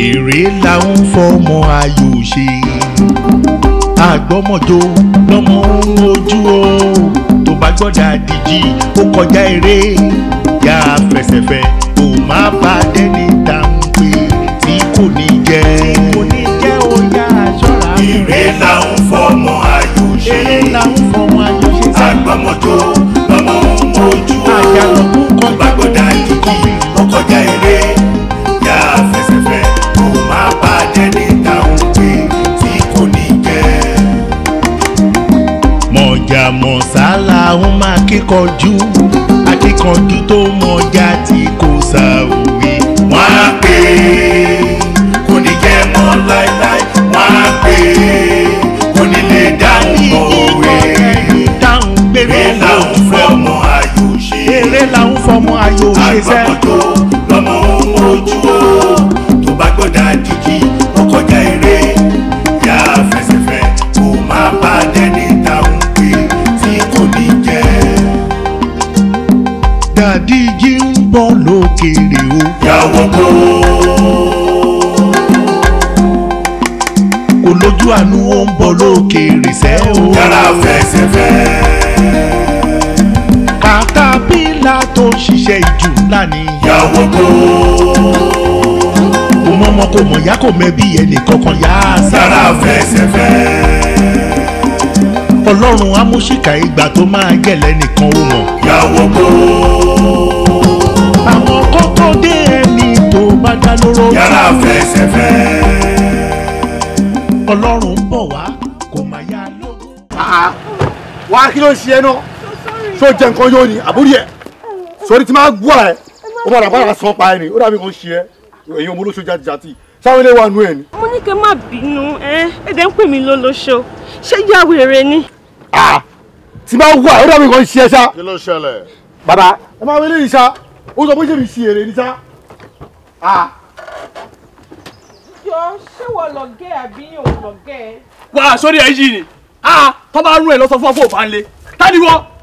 èrè la ń fọmọ ayò ṣe àgbọ́mọjó lọ́mọ ń ojú o tó bá gbọ́dọ̀ àdìjì ó kọjá eré yá fẹsẹ̀fẹ kò má bá dẹ́ni tá ń pè tí kò ní jẹ́. tí kò ní jẹ́ ó yá ṣọ́ra. èrè la ń fọmọ ayò ṣe àgbọ́mọjó kọjá lọ́kù kan gbàgbọ́dá ìdíkì ọkọjá eré yá fẹsẹ̀fẹ́ kò má bàjẹ́ níta òun pé tí kò akíkanjú tó mọ̀jà tí kò sàwé. wọ́n á pè é kò ní jẹ́ mọ́ láéláé wọ́n á pè é kò ní lè dáhùn mọ́ òwe. dáhùn gbèrè lọ́wọ́ àgbàkọ̀tò lọ́mọ ohun ojú o tó bá gbọ́dọ̀ àdìgì ó kọjá eré yá fẹsẹ̀fẹ́ kó má bá dẹ́ni táwọn pé tí kò ní jẹ́. dàdíjì ń bọ̀ lókèrè o. yàwó kó. olójú àánú ó ń bọ̀ lókèrè sẹ́ o. yàrá fẹsẹ̀fẹ́ tó ń ṣiṣẹ́ ìjù ńlá ni. yàwó kó. kò mọ ọmọ kò mọ̀ ìyá kò mẹ́bí ẹnì kankan yá á sá. yàrá fẹsẹ̀fẹ́. ọlọ́run amúṣìkà ìgbà tó máa gẹ̀lẹ́ nìkan ó mọ̀. yàwó kó. àwọn kọ́kọ́ dé ẹni tó bá dá lóró. yàrá fẹsẹ̀fẹ́. ọlọ́run bọ̀ wá kò máa yá lógún. Ah, wàá kí ló ṣe ẹ náà ṣó jẹ nǹkan yóò ní àbúrò yẹ sori ti máa gbọ́ ẹ ó padà padà sọ pa ẹ ni ó dàbí kò ń ṣe ẹ èyí ọmọ olóṣó jàtijàti sáwọn ilé wa nù ẹ ni. mo ní kí n má bínú ẹ ẹdẹ ń pè mí lólóṣó ṣé yá wèrè ni. ti máa wà ó dàbí kò ń ṣe ẹ ṣá. kí ló ṣẹlẹ̀. bàbá ẹ máa wọlé yìí ṣá ó sọ pé ṣé mi ṣe èrè ni ṣá. jọ ṣé wọ́n lọ gẹ́ àbí òun lọ gẹ́. wà á sórí ẹ̀ yìí ni tọ́ bá rún ẹ̀ lọ́sọ̀ fún ọ fún òfà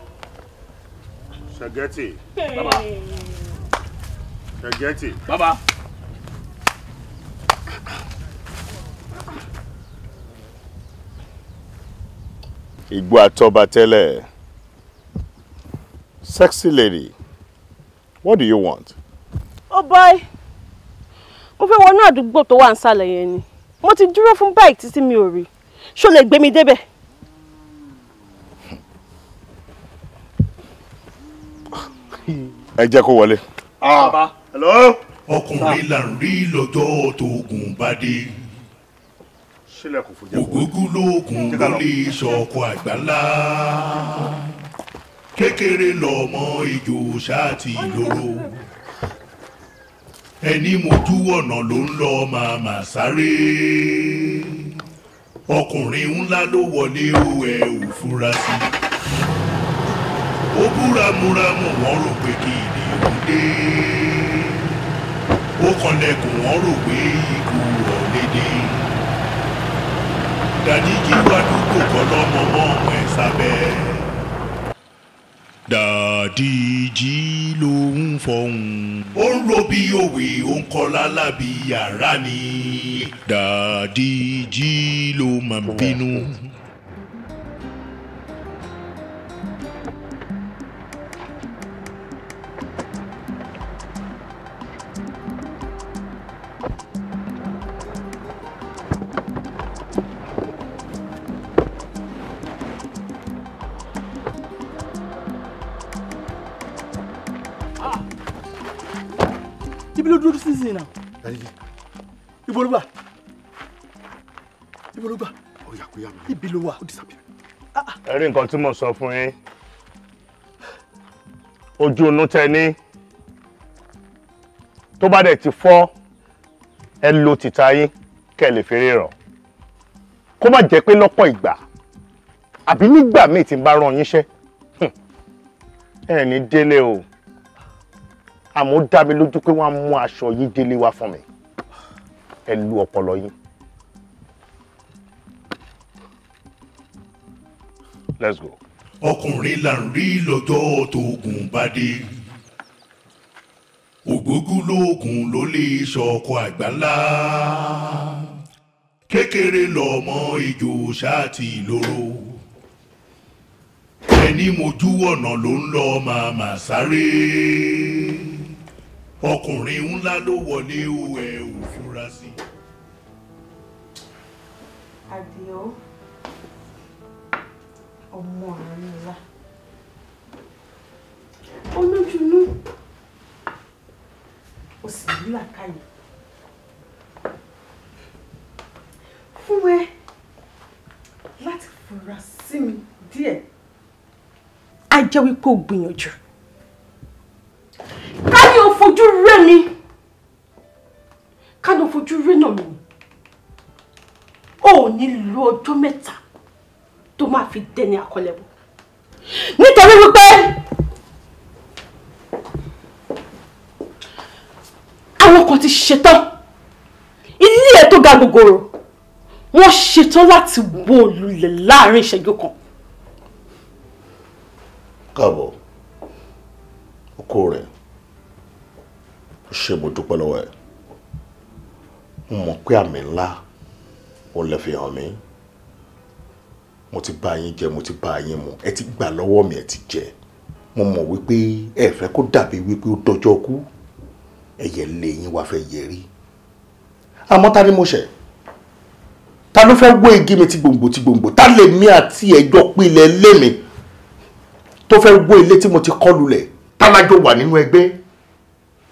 Spaghetti. Hey. Baba. Spaghetti. Baba. Igbó àtọ́ba tẹ́lẹ̀. Sexy lady, what do you want? Oh boy, mo fẹ́ wọnú àdúgbò tó wà nísàlẹ̀ yẹn ni. Mo ti dúró fún bike títí mi ò rí. Ṣó lè gbé mi débẹ̀? ẹ jẹ́ kó wọlé. Ah. hello. ọkùnrin là ń tóògùn bá dé. ògógún lóògùn ló lè sọkọ àgbàlá kékeré lọmọ ìjò ṣáàtì lóró ẹni mojú ọ̀nà ló ń lọ màmá sáré ọkùnrin ńlá ló wọlé o ẹ ò fura sí i kú ramúramù wọ́n rò pé kí ìdìbò dé ó kànlẹ̀kùn wọ́n rò pé ikú rọ̀ dédé dàdíjì wádùúgbò kan lọ́mọ mọ́ ẹ̀ sábẹ́ dàdíjì ló ń fọhùn. ó ń ro bí òwe ó ń kọ́ lálábì yàrá ni. dàdíjì ló máa ń bínú. ló dúró sísìn náà. ẹyẹ ibo ló gbà ibo ló gbà. ọyà kò yá mi. ibi ló wà. ó disappear. Ah, ah. ẹ rí nǹkan tí mo sọ fún yín ojú inú tẹ ní tó bá dẹ̀ ti fọ́ ẹ lo tìta yín kẹ́ ẹ lè fi ríran kó má jẹ́ pé lọ́pọ̀ ìgbà àbí nígbà míì tí bá rán yín ṣẹ́ ẹ̀ ní délé o àmọ́ dá mi lójú pé wọ́n á mú aṣọ yìí délé wá fún mi ẹ lu ọpọlọ yín. let's go. ọkùnrin là ń rí lọ́jọ́ tóògùn bá dé ògógúlóògùn ló lè ṣọkọ àgbáńlá kékeré lọmọ ìjò ṣáàtì lóró ẹni mojú ọ̀nà ló ń lọ màmá sáré ọkùnrin ńlá ló wọlé o ẹ ò fura sí. àdìo ọmọ rẹ ńlá olójúnú o sì ní làkàyè fún ẹ láti fura sí mi díẹ̀ a jẹ́ wípé o gbìyànjú ká ní o fojú rẹ mi ká ní o fojú rẹ náà mi ò ní lo ọjọ́ mẹ́ta tó máa fi dẹni àkọlẹ̀bọ̀ nítorí wípé àwọn kan ti ṣetán ilé ẹ̀ tó ga gogoro wọ́n ṣetán láti wó lulẹ̀ láàrin ìṣẹ́jú kan. káàbọ̀ oko rẹ̀ ó ṣe mo dúpẹ́ lọ́wọ́ ẹ̀ mo mọ̀ pé àmì ńlá ó lè fi hàn mí mo ti bá yín jẹ mo ti bá yín mu ẹ ti gbà lọ́wọ́ mi ẹ ti jẹ mo mọ̀ wípé ẹ fẹ́ kó dàbí wípé ó dọjọ́ kú ẹ̀yẹ lé yín wá fẹ́ yẹ rí àmọ́ ta ni mo ṣẹ̀ ta ló fẹ́ wé igi mi ti gbòǹgbò ti gbòǹgbò ta lè mí àti ẹ̀jọ́ pilẹ̀ lé mi tó fẹ́ wó ilé tí mo ti kọ́ lulẹ̀ tálájọ wà nínú ẹgbẹ́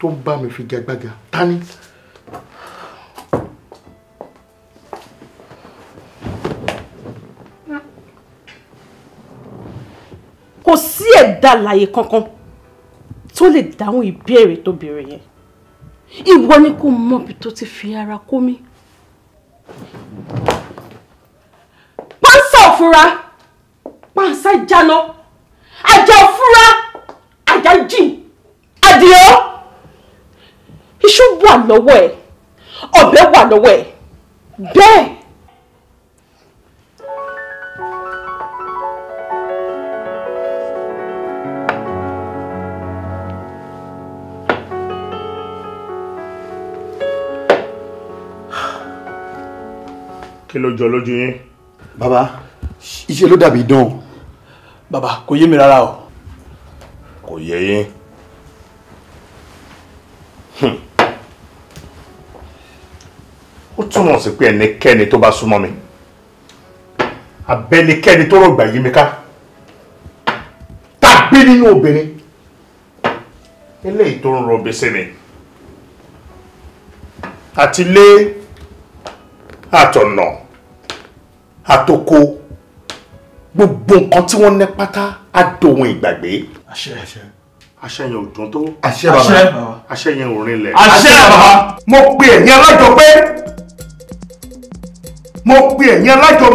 tó ń bá mi fi jẹgbága tání. kò sí ẹ̀dá láyé kankan tó lè dáhùn ìbéèrè tó béèrè yẹn ìwọ ni kò mọbi tó ti fi ara kó mi. pánsá òfura pánsá ìjáná àjà òfura àdí ọ́ iṣu wà lọ́wọ́ ẹ̀ ọ̀bẹ wà lọ́wọ́ ẹ̀ bẹ́ẹ̀. kí ló jọ lójú yín. bàbá iṣẹ́ ló dàbí dán bàbá kò yé mi rárá o. kò yé yín ó túmọ̀ sí pé ẹnikẹ́ni tó bá súnmọ́ mi abẹ́nikẹ́ni tó rògbà yí mi ká tàbí nínú obìnrin eléyìí tó ń rọbí sí mi àti lé àtọ̀nà àtòkò gbogbo nǹkan tí wọ́n ní pátá á dohun ìgbàgbé. àṣẹ àṣẹ àṣẹ yẹn ò dùn tó. àṣẹ bàbá àṣẹ yẹn ò rinlẹ̀. àṣẹ bàbá mo pe ẹ̀yin alájọ pé mo pe ẹ̀yin alájọ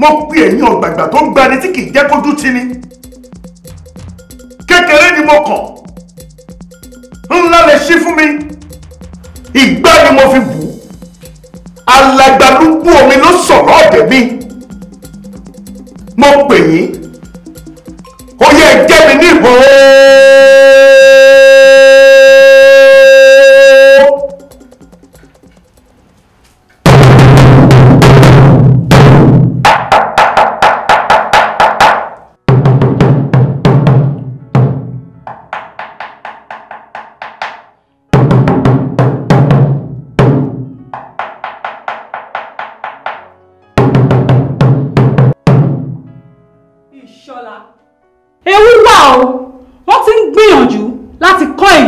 mọ̀ mo pe ẹ̀yin ọ̀gbàgbà tó ń gbani tí kì í jẹ́ kójú tì ní kékeré ni mo kàn ńlá lè ṣí fún mi ìgbà ni mo fi bù ú alàgbà bú omi ló sọ̀rọ̀ ọ̀dẹ̀ mi mo pè yín ó yẹ jẹ́ mi ní ìbò.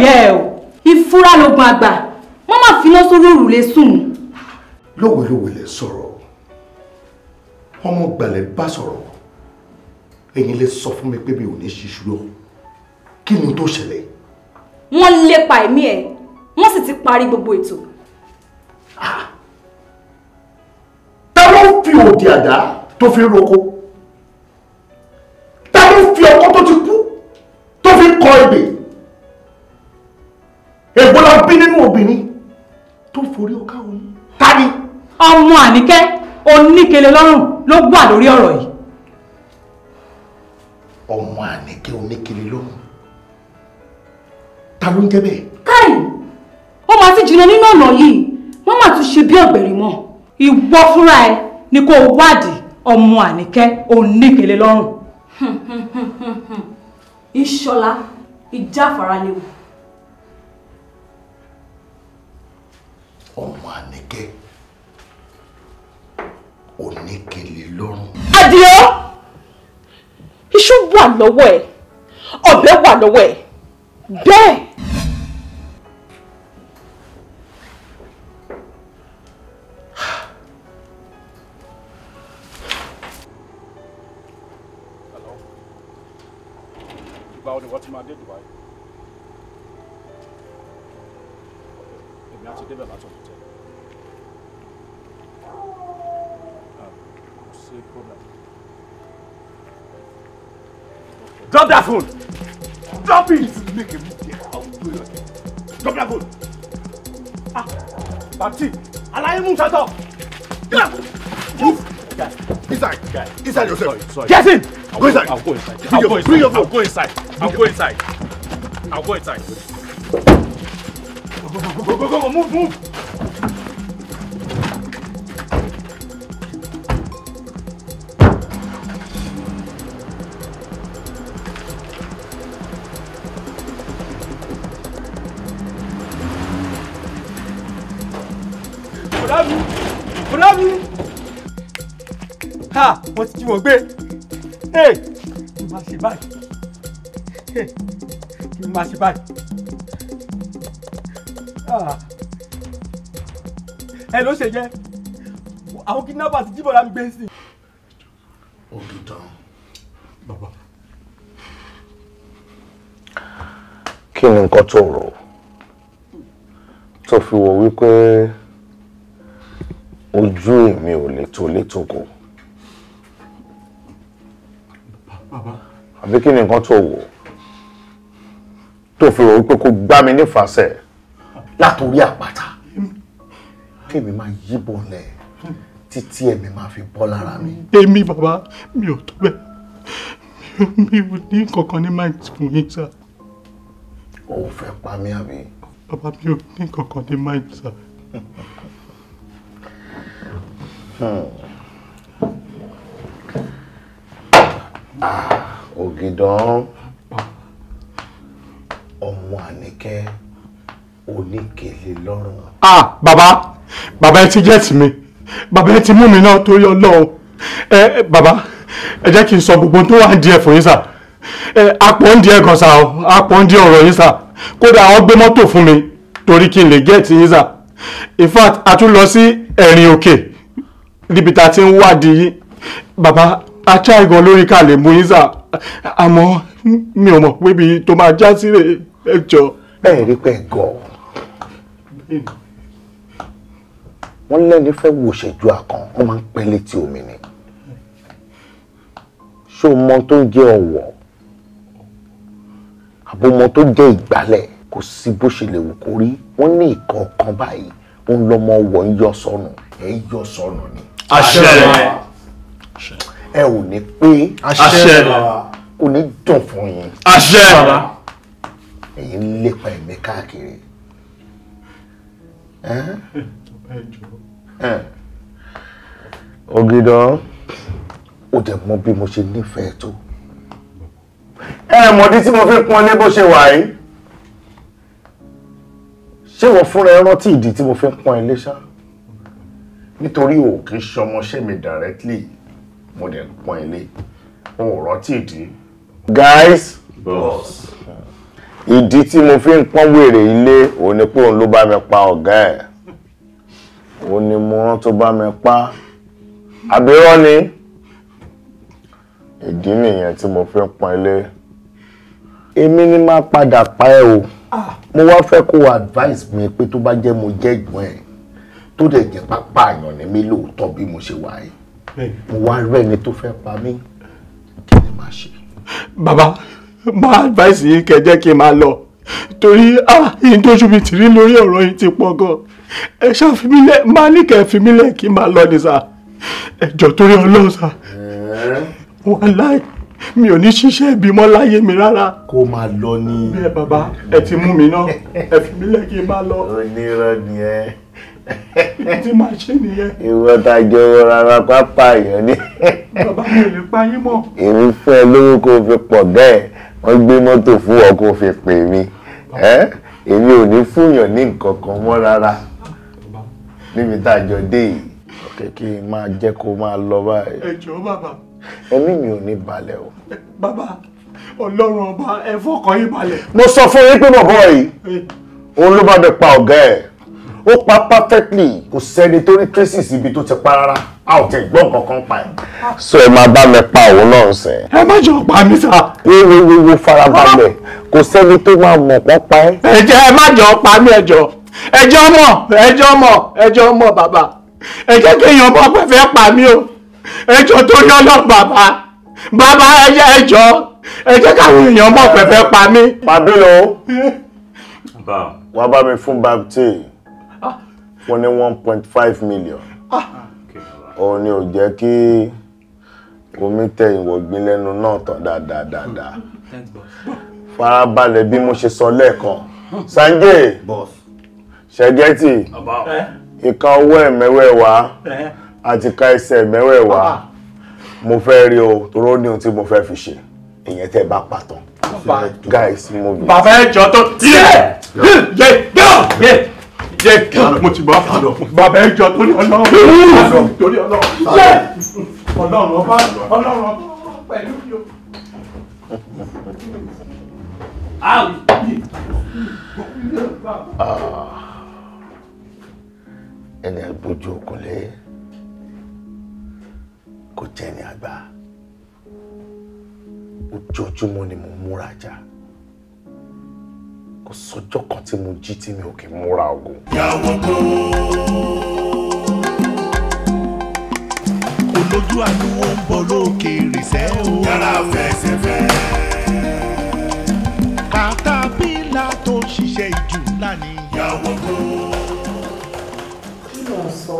yẹ̀yẹ́ ẹ o ìfúra lógun àgbà wọ́n máa fi iná sórí òrùlé sùn. lówelówe lè sọ̀rọ̀ ọmọ gbàlẹ̀ bá sọ̀rọ̀ ẹ̀yin lè sọ fún mi pé mi ò ní ṣíṣú lọ kí ni tó ṣẹlẹ̀. wọ́n lépa ẹ̀mí ẹ̀ wọ́n sì ti parí gbogbo ètò. ta ló ń fi òdì àdá tó fi roko ta ló fi ọkọ tó ti kú tó fi kọ ebè ègbó la bí nínú obìnrin tó forí ọká wọn ta ni. ọmọ àníkẹ́ oníkele lọ́rùn ló gbà lórí ọ̀rọ̀ yìí. ọmọ àníkẹ́ oníkele lọ́rùn ta ló ń jẹ́ bẹ́ẹ̀. káì ó máa ti jìnnà nínú ọ̀nà yìí wọ́n máa tún ṣe bí ọ̀gbẹ̀rì mọ́ ìwọ fúnra ẹ ni kò wádìí ọmọ àníkẹ́ oníkele lọ́rùn. ìṣọlá ìjáfara léwu. ọmọ àníkẹ́ oníkele lọ́rùn. Àdìó iṣu wà lọ́wọ́ ẹ̀ ọ̀bẹ wà lọ́wọ́ ẹ̀ bẹ́ẹ̀. Taxi! Alaye move shut Inside! Inside yourself! Sorry, sorry. Get in! I'll go inside! I'll go inside! Bring I'll your, go inside! Bring your I'll go inside! I'll go inside! I'll go inside! Go, go, go, go, go! Move, move! bravo bravo ha wọ́n ti jí wọn gbé ee kí n máa ṣe báyìí kí n máa ṣe báyìí ah! ẹ ló ṣe jẹ àwọn kidnapper ti jí bọ̀dá mi gbé sí. ó dùn tán bàbá. kí ni nǹkan tó rò tó fi wò wípé ojú mi ò lè tó létòkò. bàbá. àbí kí ni nǹkan tó wò tó fi rò wípé kó gbá mi nífàsẹ̀ látòrí àpáta tèmi máa yíbọn lẹ̀ títí ẹ̀mí máa fi bọ́ lára mi. èmi bàbá mi ò tó bẹ́ẹ̀ mi ò ní kankan ní mind fún yín sá. o fẹ́ pa mí àbí. bàbá mi ò ní kankan ní mind sá. Hmm. ògìdán ọmọ àníkẹ́ oníkèlè lọ́rùn. ah bàbá bàbá ẹ ti jẹ́ tì mí bàbá ẹ ti mú mi náà torí ọlọ́run ẹ bàbá ẹ jẹ́ kí n sọ gbogbo tó wà ń di ẹ̀ fún yín sà àpọ̀ ń di ẹ̀ gan sà o àpọ̀ ń di ọ̀rọ̀ yín sà kódà àwọn gbé mọ́tò fún mi torí kí n lè gẹ́ẹ̀tì yín sà in fact a tún lọ sí ẹ̀rìn òkè. Okay níbi tá a ti ń wádìí bàbá a try gan lórí ká lè àmọ́ mi ò mọ̀ pé tó máa já sílẹ̀ ẹ jọ. bẹ́ẹ̀ rí pẹ́ gọ̀ wọ́n lẹ́ni fẹ́ wòṣẹ́jú àkàn wọ́n máa ń pẹ́ létí omi ni ṣé o mọ tó ń jẹ́ ọ̀wọ̀ àbọmọ tó jẹ́ ìgbálẹ̀ kò sí bó ṣe lè wù kó rí wọ́n ní ìkọ̀ọ̀kan báyìí wọ́n lọ́mọ ọ̀wọ̀ ń yọ sọnù ẹ̀ yọ sọnù ni àṣẹ ẹ ò ní pé àṣẹ kò ní dùn fún yín àṣẹ ẹ̀yin lépa ẹ̀mí káàkiri ògìdàn ó dẹ̀ mọ̀ bí mo ṣe nífẹ̀ẹ́ tó ẹ mọ̀dí tí mo fi pọ́n lé bó ṣe wà yìí ṣé wọ́n fúnra ẹ rántí ìdí tí mo fi pọ́n ẹ lé ṣáá nítorí o kì í ṣọmọṣẹ́ mi directly mo dẹ̀ ń pọ́n ilé o ò rántí ìdí. guys boss ìdí tí mo fi ń pọ́n wèrè ilé òun ni pé òun ló bá mi pa ọ̀gá ẹ̀ òun ni mo rán tó bá mi pa àbírọ́ ni ìdí nìyẹn tí mo fi ń pọ́n ilé èmi ni máa padà pa ẹ o ah. mo wá fẹ́ kó advice mi pé tó bá jẹ́ mo jẹ́ ìgbọ́n ẹ̀ tó dẹ̀ jẹ́ pápá àyàn ní mi lóòótọ́ bí mo ṣe wà yìí mo wá rẹ́ni tó fẹ́ pa mí kí ni màá ṣe. bàbá máa advice yìí kẹ́ jẹ́ kí n máa lọ torí ah, ìyìn tó ṣubú ti rí lórí ọ̀rọ̀ yìí ti pọ̀ gan ẹ ṣàfimílẹ̀ máa ní kẹ́ fimílẹ̀ kí n máa lọ ní sà ẹjọ́ torí ọlọ́run sà wà láì mi ò ní ṣiṣẹ́ ìbímọ láyé mi rárá. kó máa lọ ní. bẹ́ẹ̀ bàbá ẹ ti mú mi náà ẹ fi mí lẹ̀ kí n máa lọ. onírọ́ ni ẹ tí màá ṣe nìyẹn. ìwọ ta jọ̀wọ́ rárá pápá èèyàn ni. bàbá mi ò lè pa yín mọ́. èmi fún ẹ lówó kó o fi pọ̀ bẹ́ẹ̀ wọ́n gbé mọ́tò fún ọ kó o fi pè mí èmi ò ní fúnyàn ní nǹkan kan mọ́ rárá níbi tá a jọ dé yìí. ọ̀kẹ́ kí n máa jẹ́ kó máa lọ báyìí. ẹ jọ̀ọ́ bàbá. ẹ̀mí mi ò ní balẹ̀ o. bàbá ọlọ́run ọba ẹ fọkàn yín balẹ̀. mo sọ fún yín pé bọ̀bọ̀ yìí òun ló bá mi pa ọ̀gá ẹ̀ ó pa perfectly kò sẹ́ni tó rí traces ibi tó ti pa rárá a ò tẹ̀ gbọ́ nǹkan pa ẹ̀. so ẹ máa bá mi pa òun náà sẹ. ẹ má jọ pa mí sà. wíwo wíwo farabalẹ̀ kò sẹ́ni tó máa mọ̀ pọ́n pa ẹ ẹ má jọ pa mí ẹ jọ ẹ jọ mọ̀ ẹ jọ mọ̀ bàbá ẹ kéèyàn mọ̀ pé pa mí o ẹ jọ tó yọ lọ bàbá bàbá ẹ jẹ́ ẹ káwọn èèyàn mọ̀ pé pa mí. pàbí lọ wàá bá mi fún baptiste wọ́n ní one point five million òun ni ò jẹ́ kí omi tẹ ìwọ̀gbìn lẹ́nu náà tán dáadáa dáadáa farabalẹ̀ bí mo ṣe sọ lẹ́ẹ̀kan Sanjay ṣẹ́gẹ́tì eh? ìka ọwọ́ ẹ̀ mẹ́wẹ̀ẹ̀wá eh? àti ìka ẹsẹ̀ mẹ́wẹ̀ẹ̀wá ah. mo fẹ́ rí o toró ní ohun tí mo fẹ́ fi ṣe ìyẹn tẹ́ bá pàtàn guys mo bí. bàbá ẹ jọ tó tiẹ̀ yé yé yé ṣe mo ti bá fàlọ fún bàbá ẹjọ torí Ọlọ́run torí Ọlọ́run ṣe Ọlọ́run ọba Ọlọ́run ọba pẹ̀lú yòó. Ah. Ah. ẹni àgbójú òkúnlé kò jẹ́ ní àgbà ojoojúmọ́ ni mo múra jà. Ja kò sọ́jọ́ kan tí mo jí tí mi ò kì í múra ogun. yàwó gbó olójú àdúgbò ń bọ̀ lókè ìrìnsẹ̀ o. yàrá fẹsẹ̀fẹ́. kàtàbílà tó ń ṣiṣẹ́ ìjù ńlá ni. yàwó kí ló ń sọ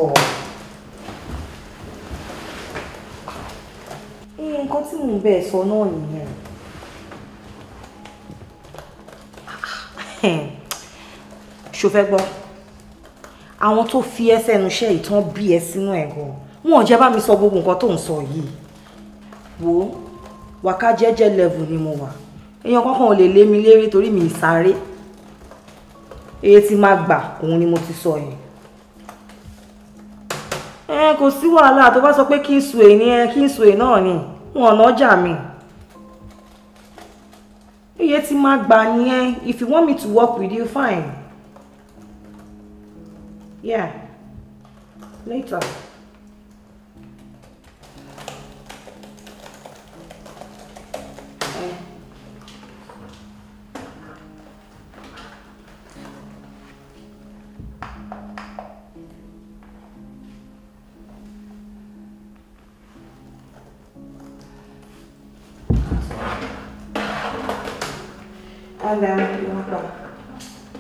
nǹkan tí mò bẹ̀ sọ náà nìyẹn. Hmm. ṣo fẹ́ gbọ́ àwọn tó fi ẹsẹ̀ ẹnu iṣẹ́ ìtàn bí ẹ sínú ẹ̀ gan wọn ò jẹ́ bá mi sọ gbogbo nǹkan tó ń sọ yìí wo wàká jẹ́jẹ́ level ni mo wà èèyàn kankan ò lè lé mi lérí torí mi ìsáré èyí tí máa gbà òun ni mo ti sọ yẹn ẹ kò sí wàhálà tó bá sọ pé kí n sùn èyí ni náà ni wọn ò nájà mi iye tí máa gbà nìyẹn if you want me to work with you fine yeah later.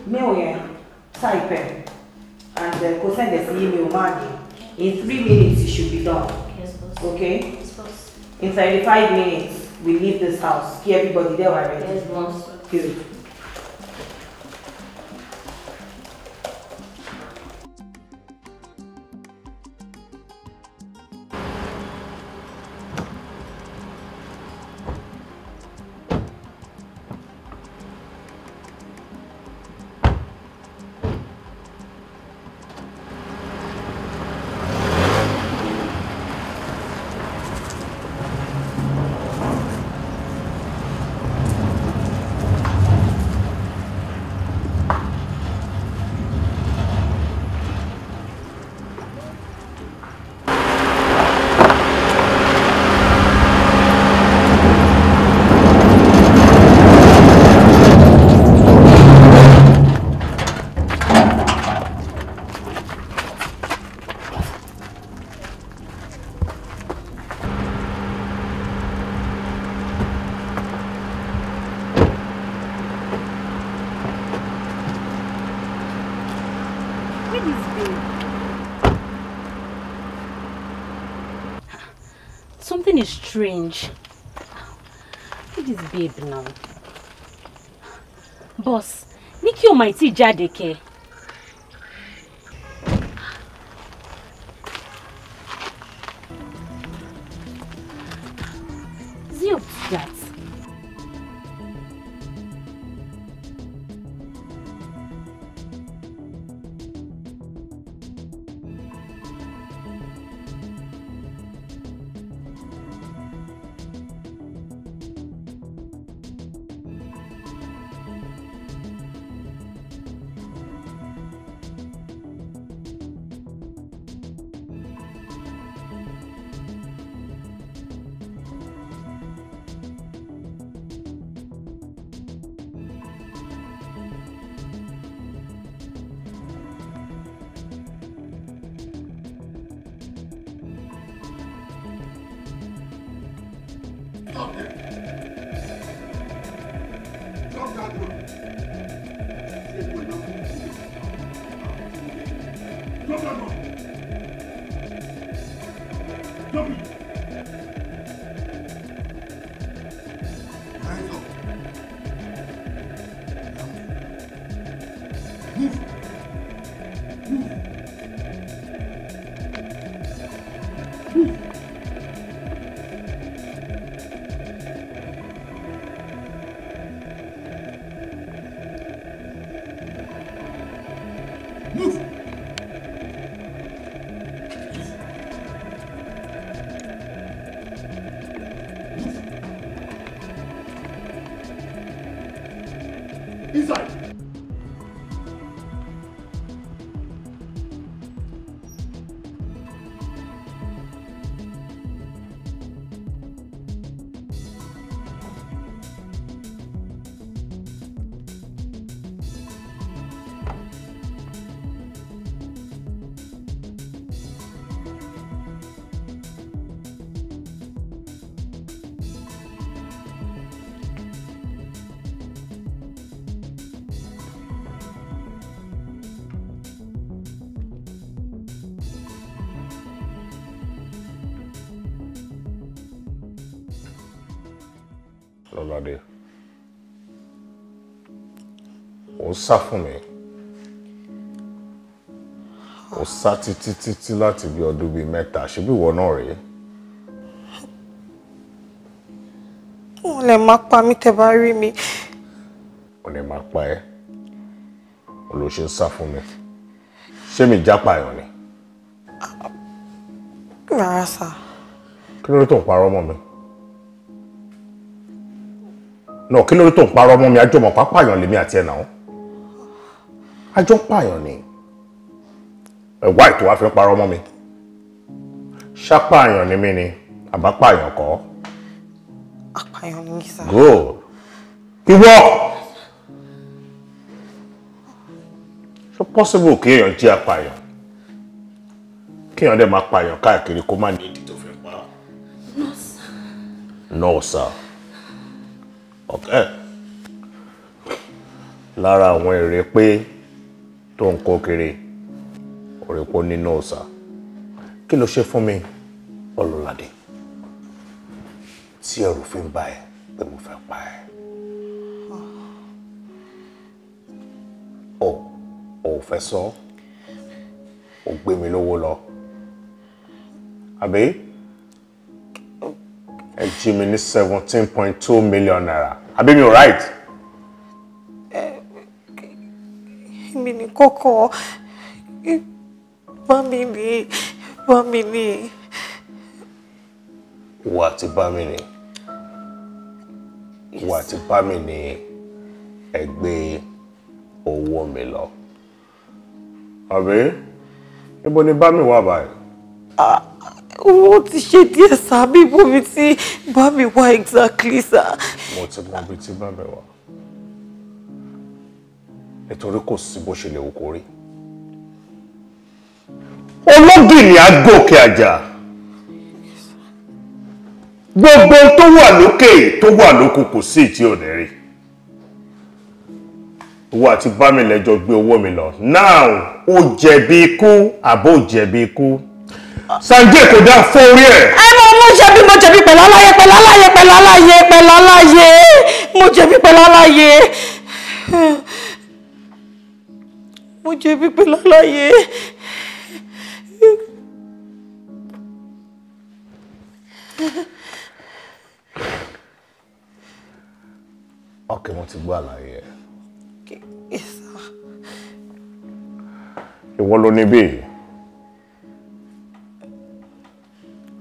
Millie, it, and uh, go send us email, Maggie. In three minutes, it should be done. Okay? In 35 minutes, we leave this house. Everybody there already. Yes, boss. Good. strange. Look this babe now. Boss, ní kí o máa lọ́ládé ó sá fún mi ó sá títí títí láti bí ọdún bíi mẹ́ta ṣebí ìwọ náà rèé. wọn lè má pa mí tẹ́ bá rí mi. wọn lè má pa ẹ́ ló ṣe ń sá fún mi ṣé mi jápa ẹ̀yàn ni. rárá sá. kí ló tó ń parọ́ mọ́ mi náà kí lórí tó ń parọ́ ọmọ mi àjọmọ̀ pápáyàn lèmi àti ẹ̀ náà àjọ pààyàn ni ẹ̀wá ètò wa fi ń parọ́ ọmọ mi ṣàpààyàn ni mí ni àbá pààyàn kọ́. àpààyàn ni sá. good ìwọ ṣé possible kí èèyàn jẹ́ àpààyàn kí èèyàn dẹ̀ máa pààyàn káàkiri kó má ní ìdí tó fi ń pa. no sir. no sir ọ̀kẹ́ lára àwọn èrè pé tó ń kó kiri òrèpo nínú ọ̀sà kí ló ṣe fún mi ọlọ́ládé tí ẹrù fi ń bá ẹ pé mo fẹ́ pa ẹ. ọ ò fẹ́ sọ ò gbé mi lówó lọ àbí ẹ jí mi seventeen point two million naira àbí mi ò right. èmi ní kọ́kọ́ bá mi ní bá mi ní. ìwà àti bá mi ní ìwà àti bá mi ní ẹ gbé owó mi lọ àbí ibo ni bá mi wà báyìí. Ah, ó ti ṣe díẹ̀ sá bí ibomi tí bá mi wá exactly sá. mo ti mọ ibi tí bá mi wà nítorí kò sí bó ṣe lè wù kó rí olóbìnrin àgòkè àjà gbogbo tó wà lókè tó wà lókù kò sí ìtí òní rí ìwọ àti bámilẹjọ gbé owó mi lọ now ó jẹ̀bi ikú àbó jẹ̀bi ikú Sanje kò dá fọ́ orí ẹ̀. Ẹ mọ mo jẹ̀bi mo jẹ̀bi pẹ̀lú aláyé pẹ̀lú aláyé pẹ̀lú aláyé pẹ̀lú aláyé mo jẹ̀bi pẹ̀lú aláyé mo jẹ̀bi pẹ̀lú aláyé. ọkẹ wọn ti gbọ́ àlàyé ẹ. ìwọ ló ní bẹ́ẹ̀.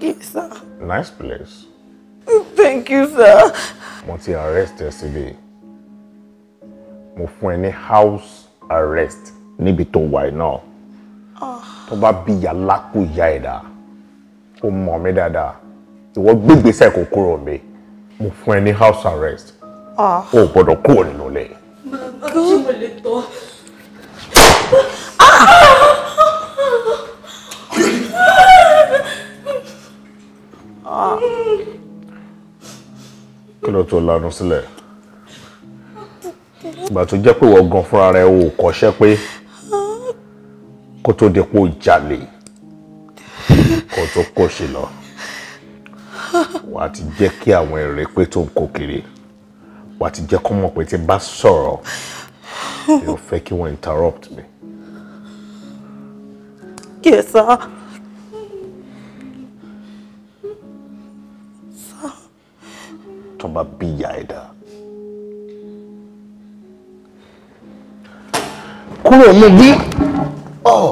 Yes, sir. Nice place. Thank you, sir. Mo ti arrest yesterday? síbí. house arrest níbi tó wà náà. Tó bá bí ìyá lápò ìyá ẹ̀dá, ó mọ̀ mí dáadáa. Ìwọ gbégbèsè kò kúrò house arrest. Ó ah. gbọ́dọ̀ kúrò nínú ilé. Bàbá kí mo tó lanu sílẹ̀ ìgbà tó jẹ́ pé wọ́n gan fúnra rẹ̀ ò kọ́ṣẹ́ pé kó tó depo jalè kó tó kóṣe lọ wà á ti jẹ́ kí àwọn èrè pé tó ń kó kiri wà á ti jẹ́ kó mọ̀ pé tí bá sọ̀rọ̀ mi fẹ́ kí wọ́n interrupt mi. yes sir. tó bá bí ìyá ẹ̀ dá. kúrò Oh.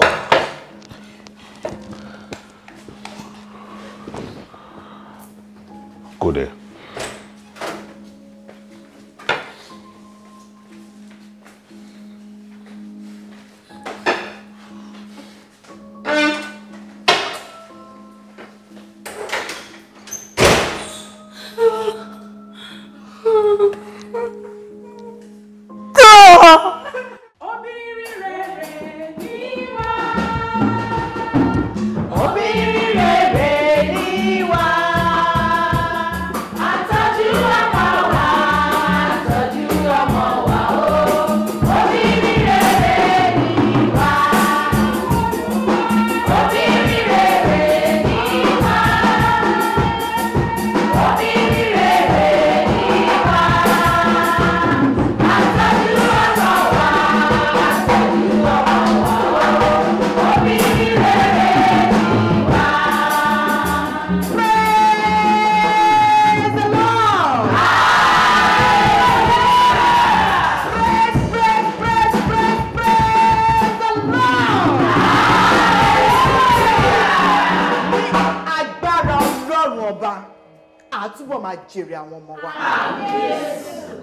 máa jèrè àwọn ọmọ wa.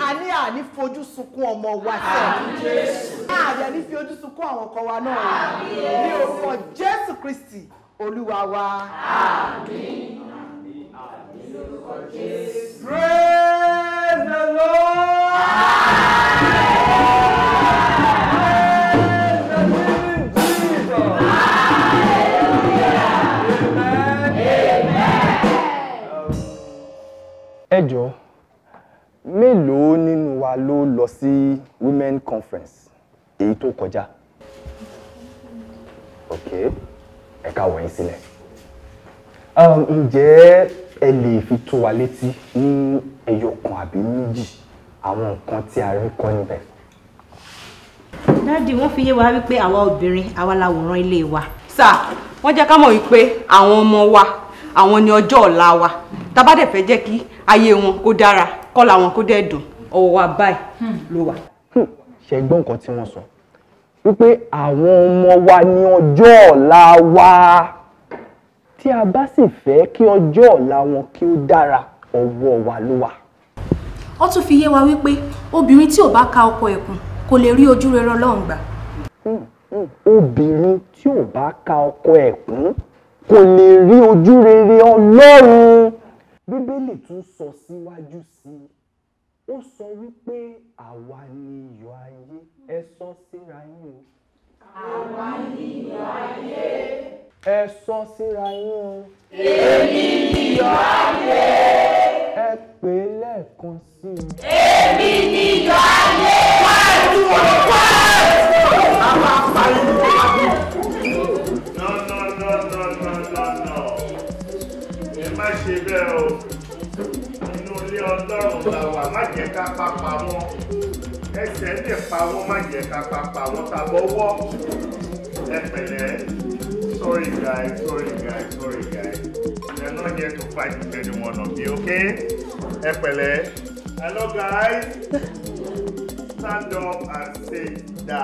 àní àní fojú sunkún ọmọ wa sẹ́ẹ̀. àní àní fi ojú sunkún àwọn ọkọ wa náà. ní orúkọ Jésù Kristi Olúwa wa. Praise the Lord. Amen. ẹ jọ mélòó nínú wa ló lọ sí women conference èyí tó kọjá ok ẹ ká wọ̀nyí sílẹ̀ ǹjẹ́ ẹ lè fi tó wa létí ní ẹyọ kan àbí méjì àwọn nǹkan tí a rí kọ́ níbẹ̀. dáàdi wọ́n fi yé wa wípé àwa obìnrin àwa làwòrán ilé wa sáà wọ́n jẹ́ ká mọ̀ wípé àwọn ọmọ wa àwọn ni ọjọ́ ọ̀la wa tá jẹ́ kí ayé wọn kó dára kọ́là wọn kó dẹ̀ dùn ọwọ́ wa báyìí ló wà. Hmm. ṣe gbọ́ nǹkan tí wọ́n sọ wípé àwọn ọmọ wa ní ọjọ́ ọ̀la wa tí a bá sì fẹ́ kí ọjọ́ ọ̀la wọn kí ó dára ọwọ́ wa ló wà. ó tún fi yé wa wípé obìnrin tí ò bá ka ọkọ ẹ̀kún kò lè rí ojú rere ọlọ́run gbà. Hmm, hmm. obìnrin tí ò bá ka ọkọ ẹ̀kún kò lè rí ojú rere ọlọ́run bíbélì tún sọ síwájú sí i ó sọ wípé àwa ni iyọ̀ ayé ẹ sọ síra yín o. àwa ni iyọ̀ ayé. ẹ sọ síra yín o. èmi ni iyọ̀ ayé. ẹ pè é lẹ́ẹ̀kan sí i. èmi ni iyọ̀ ayé. wá ìdúró wá ìdúró. a máa pariwo. bẹ́ẹ̀ o inú ilé ọlọ́run la wà má jẹ́ ká pápá wọn ẹsẹ̀ lè pa wọ́n má jẹ́ ká pápá wọn tàbọ̀ wọ́ ẹ sorry guy sorry guy sorry guy they're not here to fight with anyone of you okay ẹ pẹ̀lẹ́ hello guys stand up and say da.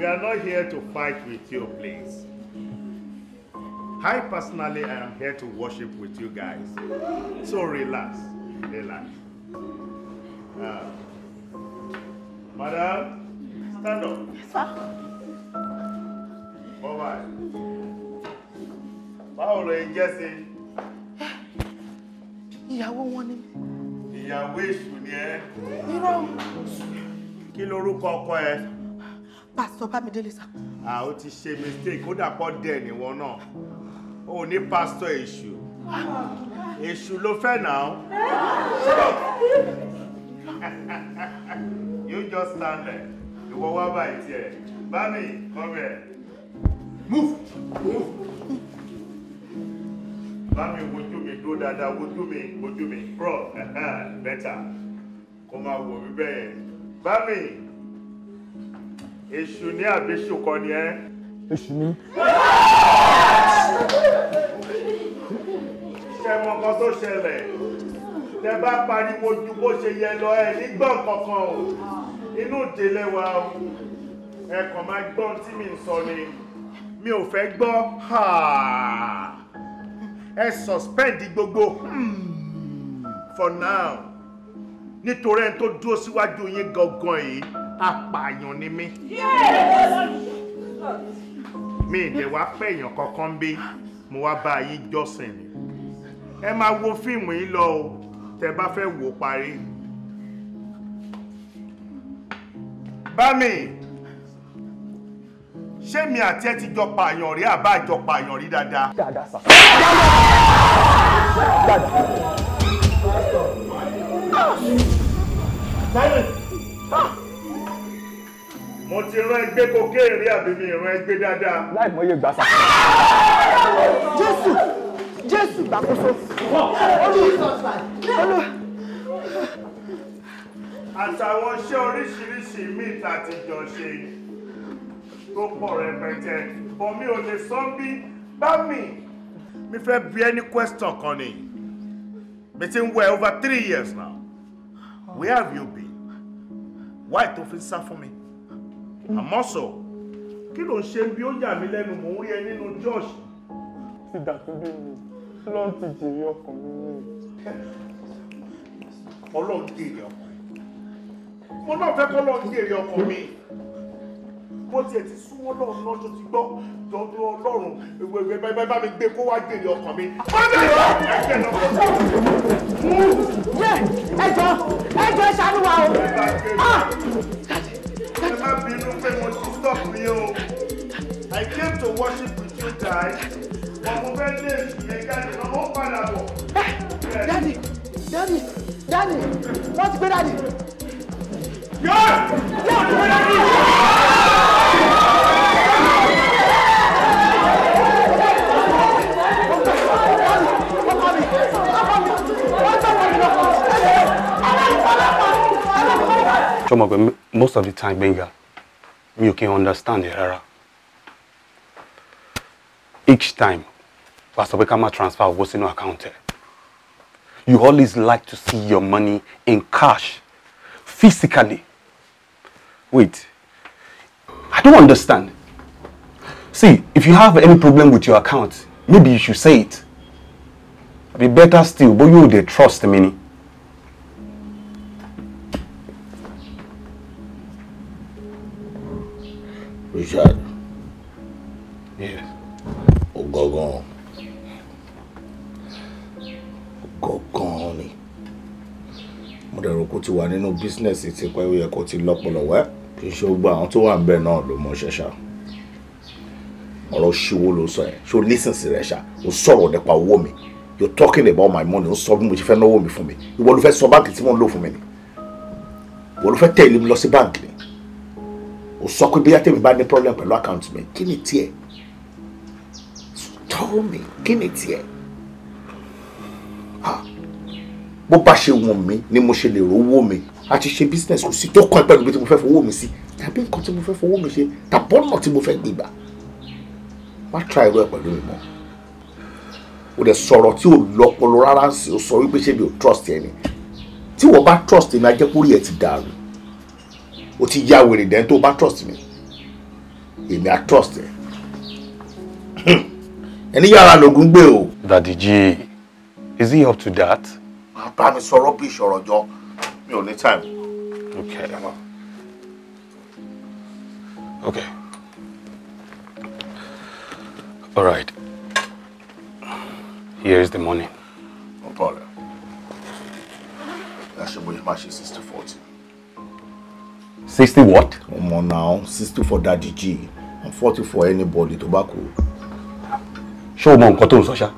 We are not here to fight with you, please. I personally I am here to worship with you guys. So relax, relax. Uh, madam, stand up. Yes, sir. Bye bye. Báwo lè jẹ́ sí? Ìyàwó wọn ni. Ìyàwó èṣù ni ẹ. Irọ́. Kí lorúkọ ọkọ ẹ? pásítọ̀ bámidélé sá. a ó ti ṣe mistake ó dàpọ̀ dẹ̀ níwọ náà ó ní pásítọ̀ èṣù èṣù ló fẹ́ náà. you just stand there ìwọ wá báyìí tiẹ̀ bámi come here move move Bami, would you do that? That would dáadáa me? Would you mi bro better Come out, wò mí bẹ́ẹ̀ èṣù ní àbíṣù kọ́ ni ẹ́. èṣù ni. ṣe mọ nǹkan tó ṣẹlẹ̀ tẹ bá pariwo ju bó ṣe yẹ lọ ẹ nígbọ̀n kankan o inú ìdílé wa o ẹ kàn máa gbọ́n tí mi ń sọ ni mi ò fẹ́ gbọ́ ẹ suspend gbogbo hmm. for now nítorí ẹni tó dúró síwájú yín gangan yìí apààyàn ni mí mi ìdè wá pẹ̀yàn kankan bí mo wá bá yín jọ́sìn ni ẹ máa wo fíìmù yìí lọ o tẹ bá fẹ́ wò ó parí. bámi ṣé mi àti ẹ ti jọ pààyàn rí àbá àjọ pààyàn rí dáadáa. dáadáa sà. dáadáa. dáadáa mo ti rán ẹgbẹ́ kokéèrè àbí mi rán ẹgbẹ́ dáadáa. láì mọ iye gbà sá. jésù jésù gbàkóso. àtàwọn iṣẹ́ oríṣiríṣi míì tá a ti jọ ṣe tó pọ̀ rẹpẹtẹ bọ̀ mi ò lè sọ bí bá mi mi fẹ́ bi ẹni question kan ni mi ti ń wẹ̀ over three years now where have you been why tó fi ń sá fún mi àmọ́ sọ kí ló ń ṣe bí ó yà mí lẹ́nu mò ń rí ẹ nínú Josh. ti dàkúndé mi lọ́n ti jèrè ọkàn mi ní. ọlọ́run jèrè ọkàn mo náà fẹ́ kọ́ lọ́run jèrè ọkàn mi mo tiẹ̀ ti súnmọ́ lọ́run náà tó ti gbọ́ dọ́dún ọlọ́run ewéwé bẹ́ẹ̀ bá mi gbé kó wá jèrè ọkàn mi. ó lè lọ ẹ̀jẹ̀ lọ. ẹjọ́ ẹjọ́ ṣàánú wa o ẹ má bínú stop mi o I came to worship with you guys ọmọ bẹ́ẹ̀ lè fi yẹn jáde náà ó padà bọ̀. dani dani dani wọ́n ti gbé dani. yóò yóò most of the time benga, you can understand the error. each time wàá sọ pé ká máa transfer in your account you always like to see your money in cash physically wait I don't understand see if you have any problem with your account maybe you should say it be better still but you dey trust me Richard. Yes. Ogogon. Ogogon go go dẹ̀ rò kó ti wà nínú bísínẹ́sì ti pẹ́ ó yẹ kó ti lọ́pọlọwọ́ ẹ̀. Kì í ṣe gbogbo àwọn tó wà ń bẹ̀ náà ló mọ ṣẹ̀ṣà. Ọ̀rọ̀ ṣíwó ló sọ yẹn. Ṣé o lísìn sí rẹ̀ ṣá? O sọ̀rọ̀ nípa You're talking about my money. You're sọ bí mo ṣe fẹ́ náwó mi fún mi. Ìwọ ló fẹ́ sọ báńkì tí mo ń lò fún mi ni. Ìwọ ló fẹ́ tẹ̀lé mi lọ o sọ pé bí yàtọ̀ mi bá ní problem pẹ̀lú account mi kí ni tiẹ̀ tell me kí ni tiẹ̀ bó bá ṣe wù mí ni mo ṣe lè rówó mi àti ṣe business kò sí tó kọ́ ẹ pẹ̀lú bí mo fẹ́ fowó mi sí tàbí nǹkan tí mo fẹ́ fowó mi ṣe tàbí ọ̀nà tí mo fẹ́ gbìgbà má try irú ẹ pẹ̀lú mi mọ́ o dẹ̀ sọ̀rọ̀ tí o lọ́pọlọ rárá sí o sọ wípé ṣé mi ò trust ẹni tí wọ́n bá trust ẹni ajẹ́kórí ẹ ti dàrú o ti ya wèrè dẹ́n tó o bá trust mi èmi á trust ẹ hmm. ẹni yàrá lògùn gbé o. Daddy G, is he up to that? bá mi sọ rubbish ọ̀rọ̀ jọ mi ò ní time. okay okay all right here is the money. no problem. ẹ ṣe bóyá má ṣe sixty forty sixty what. ọmọ now. sixty for Daddy G and forty for anybody tobacco. Show me on o mọ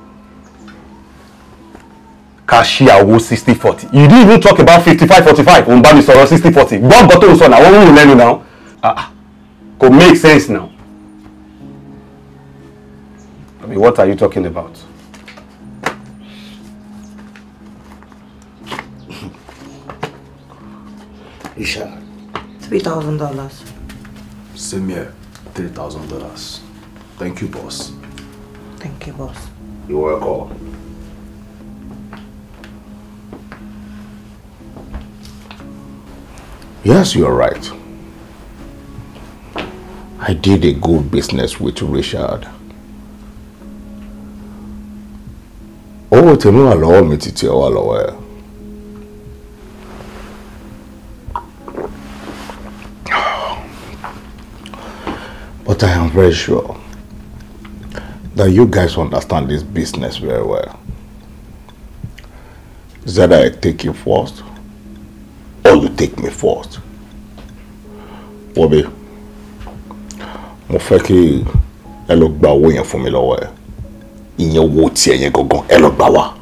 Cashier tó ń sọ sixty forty you didn't even talk about fifty five forty five òun bá mi sọ̀rọ̀ sixty forty gbọ́ngàn tó ń sọ náà wọ́n ń wù lẹ́nu ah, ah kò make sense now. I mean, what are you talking about? Isha. $3,000. Same here, $3,000. Thank you, boss. Thank you, boss. You're welcome. Yes, you're right. I did a good business with Richard. Oh, tell me, tèmi wà lọ́wọ́ mi ti you wà lọ́wọ́ ẹ̀. I am very sure that you guys understand this business very well. Is that I take you first or you take me first? Bobby, mo fẹ́ kí ẹ lọ gba owó yẹn fún mi lọ́wọ́ ẹ. Ìyẹn owó tiẹ̀ yẹn gangan ẹ lọ gbà wá.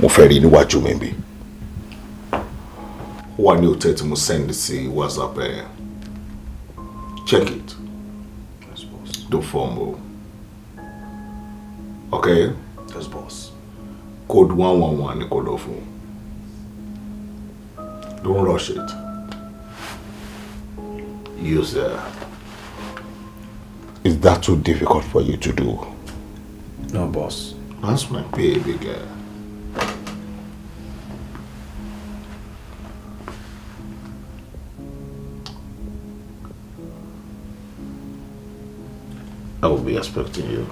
Mo fẹ́ rí níwájú mi bí. Ó wà ní send this WhatsApp Check it do fumble. Okay? That's boss. Code 111 ni kó lọ fún. Don't rush it. Use that. Is that too difficult for you to do? No, boss. That's my baby girl. I will be expecting you.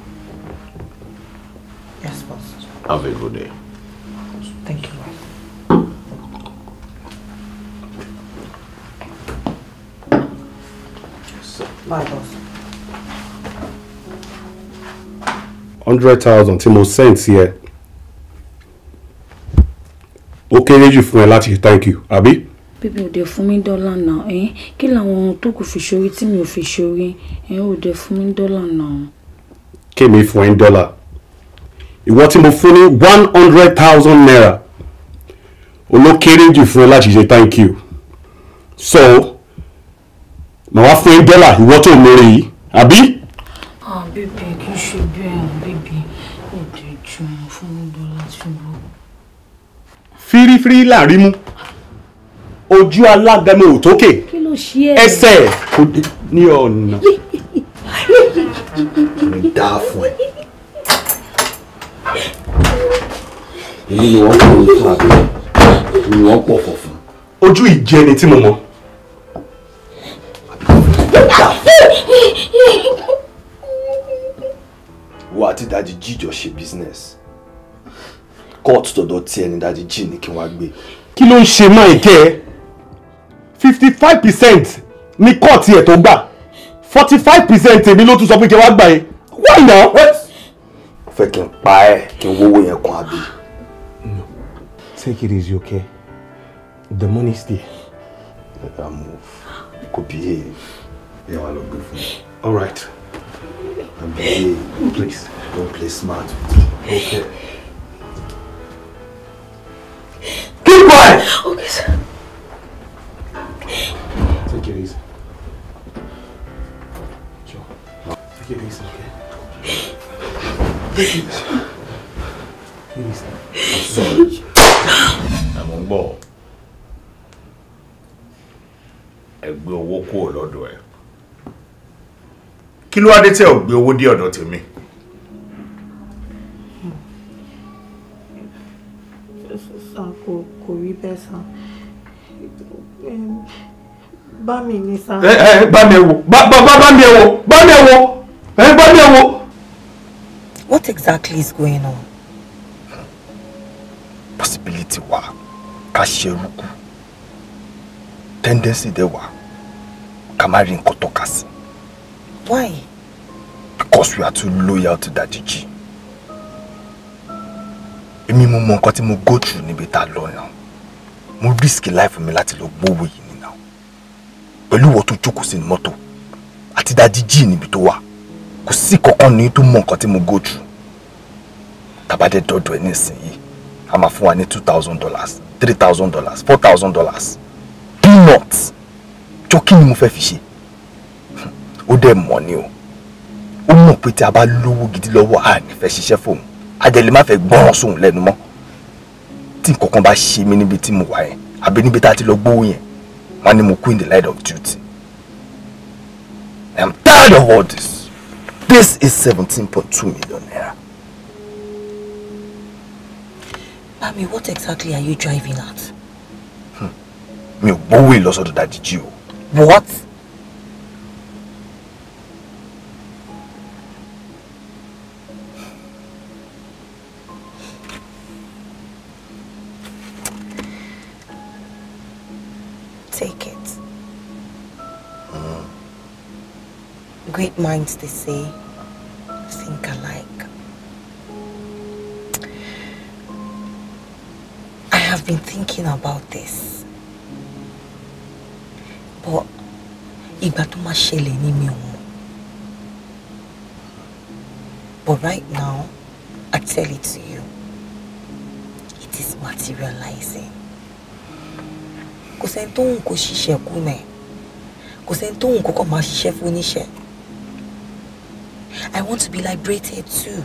Yes, boss. Have a good day. Thank you, boss. boss. hundred thousand tí mo send sí ẹ ó kéré jù fún ẹ láti thank you Abi bíbí ò dẹ̀ fún mi dọ́là náà ẹ̀ kí làwọn ohun tó kù fi ṣorí tí mi ò fi ṣorí ẹ̀ ò dẹ̀ fún mi dọ́là náà. kémi fún ẹ dọ́là ìwọ tí mo fún ní one hundred thousand naira olókéré jù fún ẹ láti ṣe thank you so màá wá fún ẹ dọ́là ìwọ tó lórí yìí àbí. àbíbi kì í ṣe bẹ́ẹ̀ àbíbi òde jù fún dọ́là tí mo. fírífírí làrí mú ojú alágẹmọ òtókè ẹsẹ̀ kò dé ní ọ̀nà mi dá fún ẹ. èyí ni wọ́n pọ̀ fún àbí ni wọ́n pọ̀ fọ̀ ojú ìjẹni tí mo mọ. wo àti dájú jíjọ ṣe business kóòtù tọ̀dọ̀ tí ẹni dájú jí ni kí wọ́n á gbé kí ló ń ṣe máa ń tẹ́ ẹ fifty five percent ni kọ́ọ̀tì ẹ̀ tó gbà forty five percent èmi ló tún sọ pé kí n wá gbà yẹn why now. mo fẹ́ kí n pa ẹ́ kí n wówó yẹn kan àbí. no take it easy okay the money is there. let her move kò behave ẹ wà lọ gbé fún mi. all right and behave please don't play smart okay. keep quiet. okay sir. Take it easy. Joe, take it easy, okay? Take it easy. Easy. I'm sorry. I'm on board. Ẹ gbé owó kúrò lọ́dọ̀ ẹ̀. Kí ló wá dé tẹ́ ò gbé owó dé ọ̀dọ̀ tèmi? kò rí bẹ́ẹ̀ sàn bá mi ní sá. ẹ ẹ bá mi ẹ wo bá bá bá mi ẹ wo bá What exactly is going on? Possibility wa ká tendency dẹ̀ wà ká má Why? Because we are too loyal to Daddy G. Emi mo mọ nǹkan tí mo go through níbi tá a lọ mo risk life mi láti lọ gbówó yìí ni now pẹ̀lú ìwọ tó jókòó sínú mọ́tò àti dájú jí níbi tó wà kò sí kankan ní tó mọ nǹkan tí mo go through tàbádẹ́ dọ́dọ̀ ẹ̀ nísìnyí a máa fún wa ní two thousand dollars three thousand dollars four thousand dollars peanuts jọ kí ni mo fẹ́ fi ṣe ó dẹ̀ mọ̀ ni o ó mọ̀ pé tí a bá lówó gidi lọ́wọ́ a ní ṣiṣẹ́ fóun a jẹ́ fẹ́ gbọ́ràn sóun lẹ́nu mọ́ tí nǹkankan bá ṣe mí níbi tí mo wà yẹn àbí níbi tá a ti lọ gbówó yẹn wọn ni mo kú the light of duty I am tired of all this this is seventeen point two million naira. Mami, what exactly are you driving at? Hmm. mi ò gbówó ìlọsọdọ dàjíjí o. what? Minds, they say, think alike. I have been thinking about this. But ìgbà tó máa ṣẹlẹ̀ ni mi But right now, I tell it to you. It is materializing. Kò sẹ́ni tó kume. kó ṣiṣẹ́ kú mẹ́. Kò I want to be liberated too.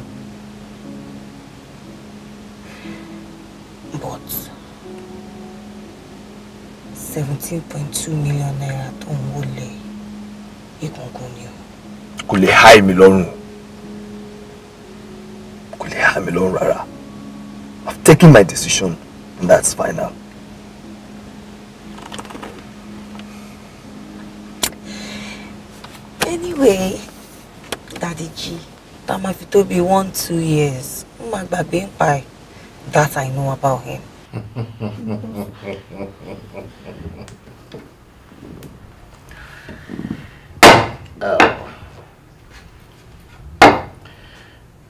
But 17.2 million naira tó ń wọlé It won't go lè Kule high lọ́rùn. kule high há rara rárá. I've taken my decision and that's final. Adeji tá a be fi tó one two years ó máa gbàgbé that I know about him.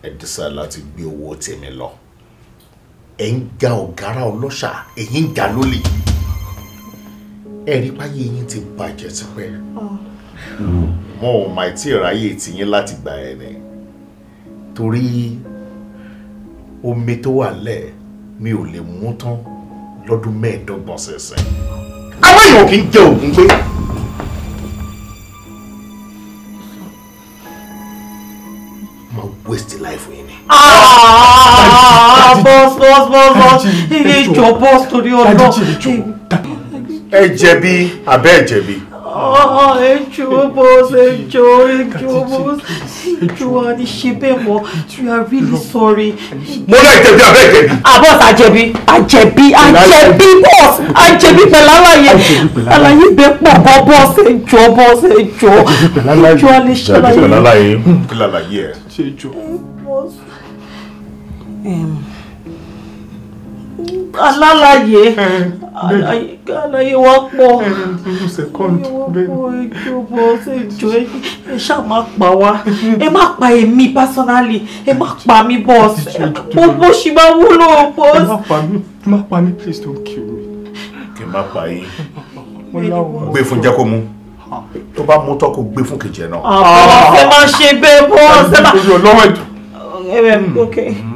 ẹ dísà láti gbé owó tèmi lọ ẹ ń ga ọ̀gára ọlọ́ṣà èyí ń ga lólè ẹ páyé yín ti bàjẹ́ tipẹ́. Oh. Hmm mo ò mà tí ìráyè tìyín láti gbà ẹ̀ ni torí omi tó wà lẹ̀ mi ò lè mú tán lọ́dún mẹ́ẹ̀ẹ́dọ́gbọ̀n sẹ̀sẹ̀. àwọn èèyàn kì í jẹ òògùn gbé. ma waste life yìí ni. Ah, boss boss boss boss ẹ jọ boss torí ọlọ. ẹ jẹ̀bi abẹ́ ẹ jẹ̀bi. Ah, Echo, boss, Echo, Echo, boss. Echo, a ní ṣe bẹ́ẹ̀ mọ́. You are really sorry. Mo náà ìjẹ̀bi abẹ́ ìjẹ̀bi. Àbọ̀s àjẹ̀bi, àjẹ̀bi, ah, àjẹ̀bi, boss, àjẹ̀bi pẹ̀lú àlàyé. Àlàyé bẹ́ẹ̀ pọ̀ bọ́, boss, Echo, boss, Echo. Echo, a lè ṣe àlàyé. Àjẹ̀bi pẹ̀lú àlàyé. Ṣé Echo? Boss alálàyé alálàyé wa pọ̀ ìjọba ìjọ ẹ ṣáà má pa wá ẹ má pa èmi personally ẹ má pa mí boss bó ṣe máa wúlò boss. ẹ má pa mí please don't kill me. kì í má pa yín gbé fún jẹ́ kó mú tó bá mú tọ́kọ gbé fún kejì ẹ̀ náà. Ah, àwọn ọ̀sẹ̀ máa ṣe bẹ́ẹ̀ bọ́ọ̀sẹ̀ máa. ẹ bẹ́ẹ̀ ok. Mm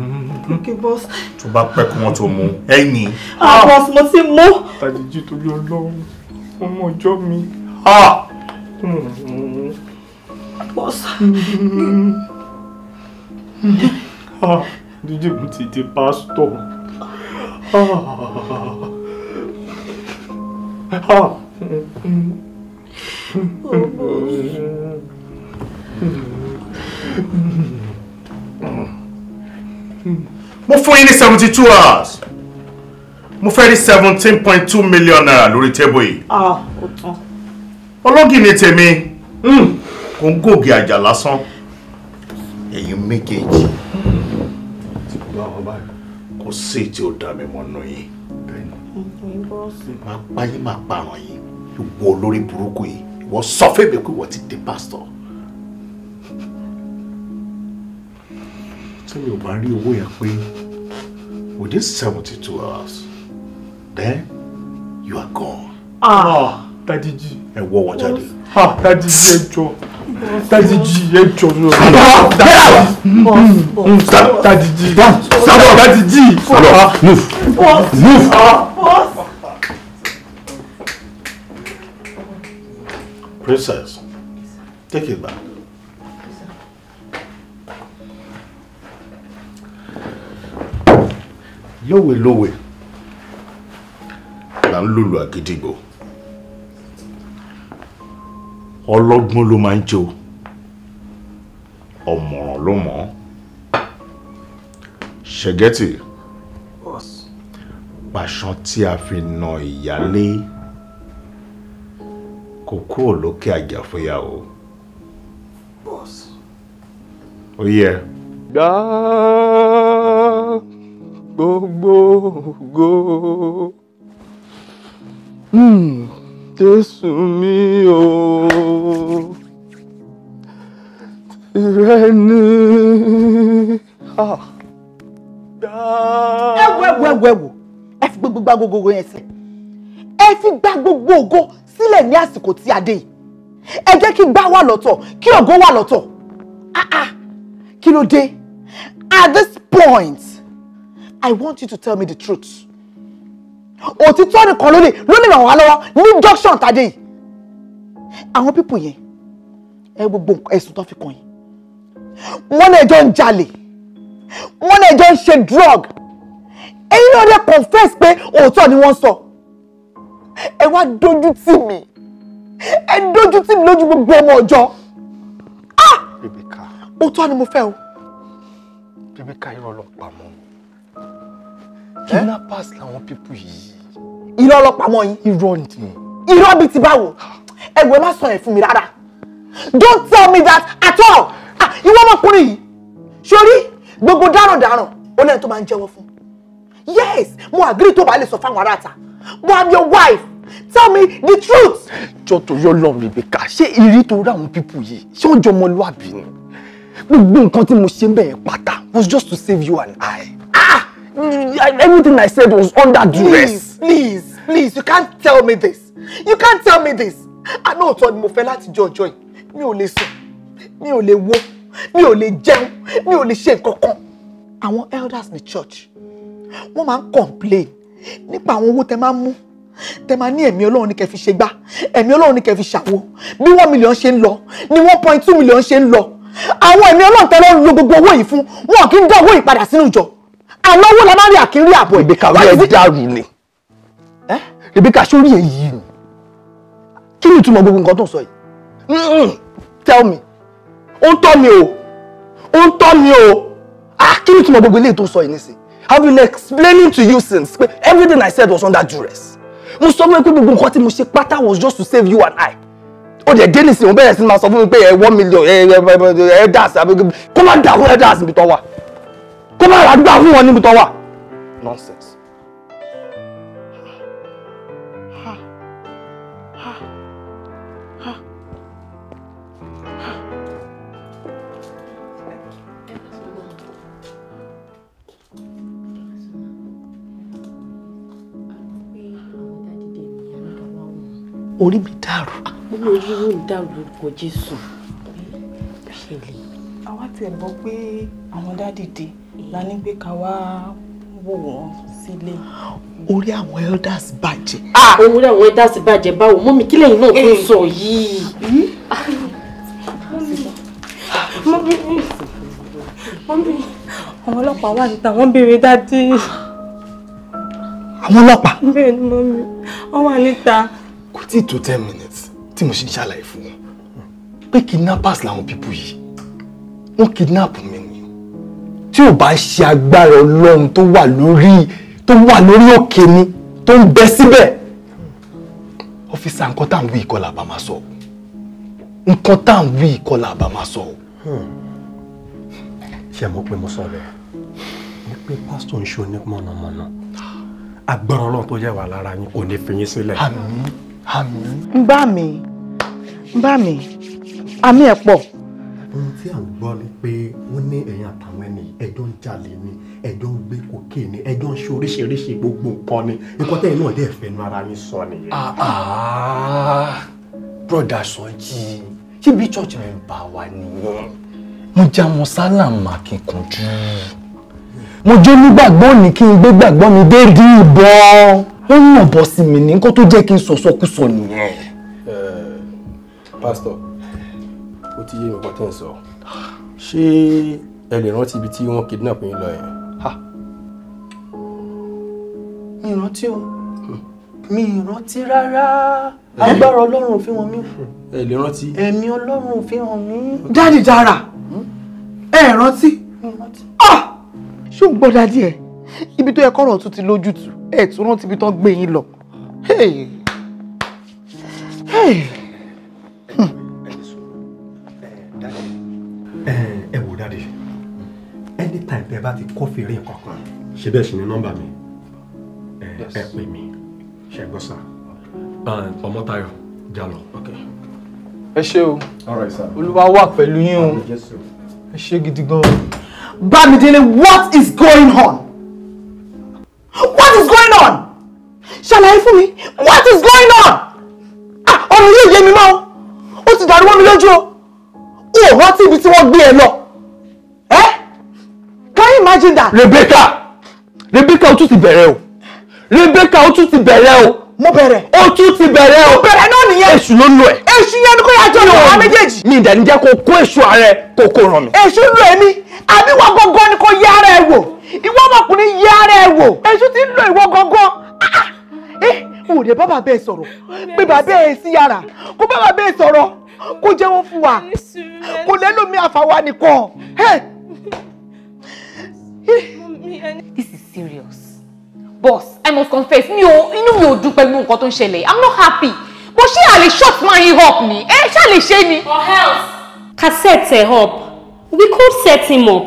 ok boss. tó bá pẹ́ kí wọ́n tó mú ẹ̀yìn. Ah, ah boss mo ti mú. tàjíjí torí ọlọ́run ọmọ ọjọ́ mi. Ah. boss. Ah, jíjí mo ti di pásítọ̀. Oh, boss. Hmm mo fún yín ní seventy two hours mo fẹ́ rí seventeen point two million naira lórí tébù yìí. ọlọ́gì ni tèmi hmm. kò ń gògì àjà lásán ẹ̀yin méjèèjì kò sí tí ó dá mi mọ́nú yìí máa pa yín máa paràn yín ìwọ olórí burúkú yìí ìwọ sọ fún mi pé ìwọ ti di pásítọ̀. tí mi ò bá rí owó yẹn pé within seventy two hours then you are gone. ah, ah. dadiji. ẹ wọ wọn jáde. ah dadiji ẹ jọ dadiji ẹ jọ lọ. dadiji sábọ dadiji sábọ move move. Ah. princess take it back. lówelówe là ń lòlù àgídìgbò ọlọ́gbọ́n ló máa ń jẹ́ o ọ̀mọ̀ràn ló mọ̀ ọ́ ṣẹ̀gẹ́tì pàṣán tí a fi na ìyálé kò kúrò lókè àjàfóyà o. Boss. Oh yeah gbogbo ògo. Hmm. Jésù mi o, tìrẹ ni. Ẹ wo ẹ wo ẹ wo ẹ wo, ẹ fi gbogbo gba gbogbo yẹn sílẹ̀. Ẹ fi gba gbogbo ògo sílẹ̀ ní àsìkò tí a dé yìí. Ẹ jẹ́ kí gbá wà lọ́tọ̀, kí ògo wà lọ́tọ̀. Ah ah, kí ló dé? At this point, I want you to tell me the truth. Òtítọ́ nìkan ló lè ló lè ràn wá lọ́wọ́ ní junction tàdé yìí. Àwọn pípò yẹn ẹ gbogbo ẹ̀sùn tó fi kàn yín. Wọ́n náà jọ ń jalè. Wọ́n náà jọ ń ṣe drug. Ẹ̀yin náà dẹ̀ confess pé òótọ́ ni wọ́n sọ. Ẹ wá dojú tì mí. Ẹ dojú tì mí lójú gbogbo ọmọ ọjọ́. Ah! Rebecca. Òótọ́ ni mo fẹ́ o. Rebecca irọ́ ló pa mọ́ kidnappers làwọn pípù yìí. irọ́ ọlọ́pàá mọ́ yín. irọ́ ni. irọ́ bíi ti báwo ẹ̀wẹ̀ má sọ yẹn fún mi rárá don't tell me that at all ah, ìwọ ọmọkùnrin yìí sórí gbogbo dáràndáràn ó lẹ́yìn tó máa ń jẹ́wọ́ fún yes mo agree tó bá lè sọ fáwọn aráàta but i'm your wife tell me the truth. jọ́tò yọ lọ Rebecca ṣé ìrí tó ráwọn pípù yìí ṣé ó jọ ọmọlúwàbí ni gbogbo nǹkan tí mo ṣe ń pátá was just to save you and I. Mm, everything I said was under duress. Please, please, please, you can't tell me this. You can't tell me this. I know it's mo fẹ́ láti jẹ ọjọ́ yìí. Mi ò lè sùn, mi ò lè wo, mi ò lè jẹun, mi ò lè ṣe nǹkan kan. Àwọn elders ní church, Woman complain Nipa àwọn owó tẹ máa ń mú. Tẹ máa ni kẹ́ fi ṣe gbá, ẹ̀mí Ọlọ́run ni kẹ́ fi ṣàwo. one million ṣe lo, ni one point two million ṣe lo. I want ẹ̀mí Ọlọ́run tẹ́lẹ̀ ń lo gbogbo owó yìí fún, akin da í dá owó yìí alọ́wọ́ la máa rí àkírí àbọ̀ ẹ̀. Rebecca orí ẹ dàrú ni. Rebecca sórí ẹ yìí ni. Kí ni ìtumọ̀ gbogbo nǹkan tó ń sọ yìí? Tell me. Ó ń tọ́ mi o. Ó ń tọ́ mi o. Kí ni ìtumọ̀ gbogbo eléyìí tó ń sọ yìí nísìn? have been explaining to you since pe everything I said was under duress. Mo sọ fún ẹ pé gbogbo nǹkan tí mo ṣe pátá was just to save you and I. Ó dẹ̀ dé nísìnyí, ó bẹ̀rẹ̀ sí máa sọ fún mi pé one million ẹ ẹ ẹ dance kó má dàrú ẹ dance mi tọ́ kó má ràdúgbà fún wọn níbi tó wà nonsense. orí mi dàrú. Gbogbo orí mi dàrú lórúkọ Jésù. Àwa ti ẹ̀ gbọ́ pé àwọn dádì dé la ní pé ká wá wò wọ́n sílé. orí àwọn elders bàjẹ́. Ah! Ah! orí àwọn elders bàjẹ́ báwo mọ́mí kílẹ̀ yìí náà tó eh. sọ yìí. mọ́mí mọ́mí àwọn ọlọ́pàá wà níta wọ́n béèrè dádì. àwọn ọlọ́pàá. bẹ́ẹ̀ ni mọ́mí wọ́n wà níta. kò tí ì tó ten minutes tí mo ṣe ń ṣàlàyé fún wọn pé kidnappers làwọn pípú yìí wọ́n kidnap mi tí ò bá ṣe agbára ọlọ́run tó wà lórí tó wà lórí òkè ni tó ń bẹ síbẹ̀ ọ́fíìsà nǹkan tá à ń wí ìkọlà bá sọ nǹkan tá à ń wí ìkọlà bá sọ. ṣé mo pé mo sọ bẹ́ẹ̀ ni pé pásítọ̀ ń ṣe onímọ̀nàmọ́ná agbára ọlọ́run tó yẹ wà lára yín kò ní fi yín sílẹ̀. àmín ń bá mi ń bá mi àmì ẹ̀ pọ̀. ohun tí à ń gbọ́ ni pé wọ́n ní ẹ̀yìn àt ẹ̀jọ́ ń jalè ni ẹ̀jọ́ ń gbé kókè ni ẹ̀jọ́ ń ṣe oríṣiríṣi gbogbo nǹkan ni nǹkan tẹ́yìn náà dẹ̀ fẹ́nu ara yín sọ nìyẹn. broda Sọjí ṣíbi church mi ń bá wa nìyẹn mo já wọn sálàmà kí n kúnjú mo jó nígbàgbọ́ ni kí n gbé gbàgbọ́ mi dé rí ìbọn ó ń yàn sí mi ní nǹkan tó jẹ́ kí n sọ̀sọ́kúsọ nìyẹn. Eh, pásítọ̀ ó ti yé mi pọ́tẹ́ sọ ṣé ẹ lè rántí ibi tí wọ́n kidnap yín lọ yẹn. mi rántí o hmm. mi rántí rárá agbára ọlọ́run fi hàn mí. ẹ lè rántí. ẹ̀mí ọlọ́run fi hàn mí. dáàdì dára hmm? ẹ rántí. ṣé o ń gbọ́ dáadé ẹ̀ ibi tó yẹ kọ́rọ̀ tún ti lójútùú ẹ̀ tún rántí ibi tó gbé yín lọ. Hey! Hey! tẹ́ bá ti kófìrí nǹkan kan ṣe bẹ́ẹ̀ sì ni nọ́mbà mi ẹ pè mí ṣe gbọ́ sà ah, Ọmọ́táyọ̀ Jalọ. ẹ ṣé o Olúwa wà pẹ̀lú yín o ẹ ṣé gidi gan. Bamidele what is going on what is going on ṣàlàyé fún mi what is going on ah, ọ̀rọ̀ yìí yé mi mọ́ o ti dàrú mọ́ mi lójú o ò rántí ibi tí wọ́n gbé ẹ lọ imagine that. Rebecca Rebecca o tún ti bẹ̀rẹ̀ o Rebecca o tún ti bẹ̀rẹ̀ o. mo bẹ̀rẹ̀. o tún ti bẹ̀rẹ̀ o. mo bẹ̀rẹ̀ náà nìyẹn. èṣù ló lọ ẹ. èṣù yẹn ni kò yà jọ lọ àwọn méjèèjì. mi ìdẹ̀ni jẹ́ kó kó èṣù ààrẹ kó kó ràn mí. èṣù lọ èmi àbí wọ́n gangan ni kò yẹ ara ẹ wò ìwọ ọmọkùnrin yẹ ara ẹ wò èṣù ti ń lo ìwọ gangan wò lè bá bàbá ẹ sọ̀rọ̀ pé bàbá ẹ sí yàrá kó bá bàbá ẹ sọ̀rọ̀ kó jẹ́wọ́ fún wa kò lẹ́lòmí àfàwa nìkan. This is serious. Boss, I must confess, me ò inú mi ò dùn pẹ̀lú nǹkan tó ń ṣẹlẹ̀. I'm not happy. Mo ṣe àlè shot man yìí up Eh, she ṣe àlè ṣe ni. Or else. Ka up. We could set him up.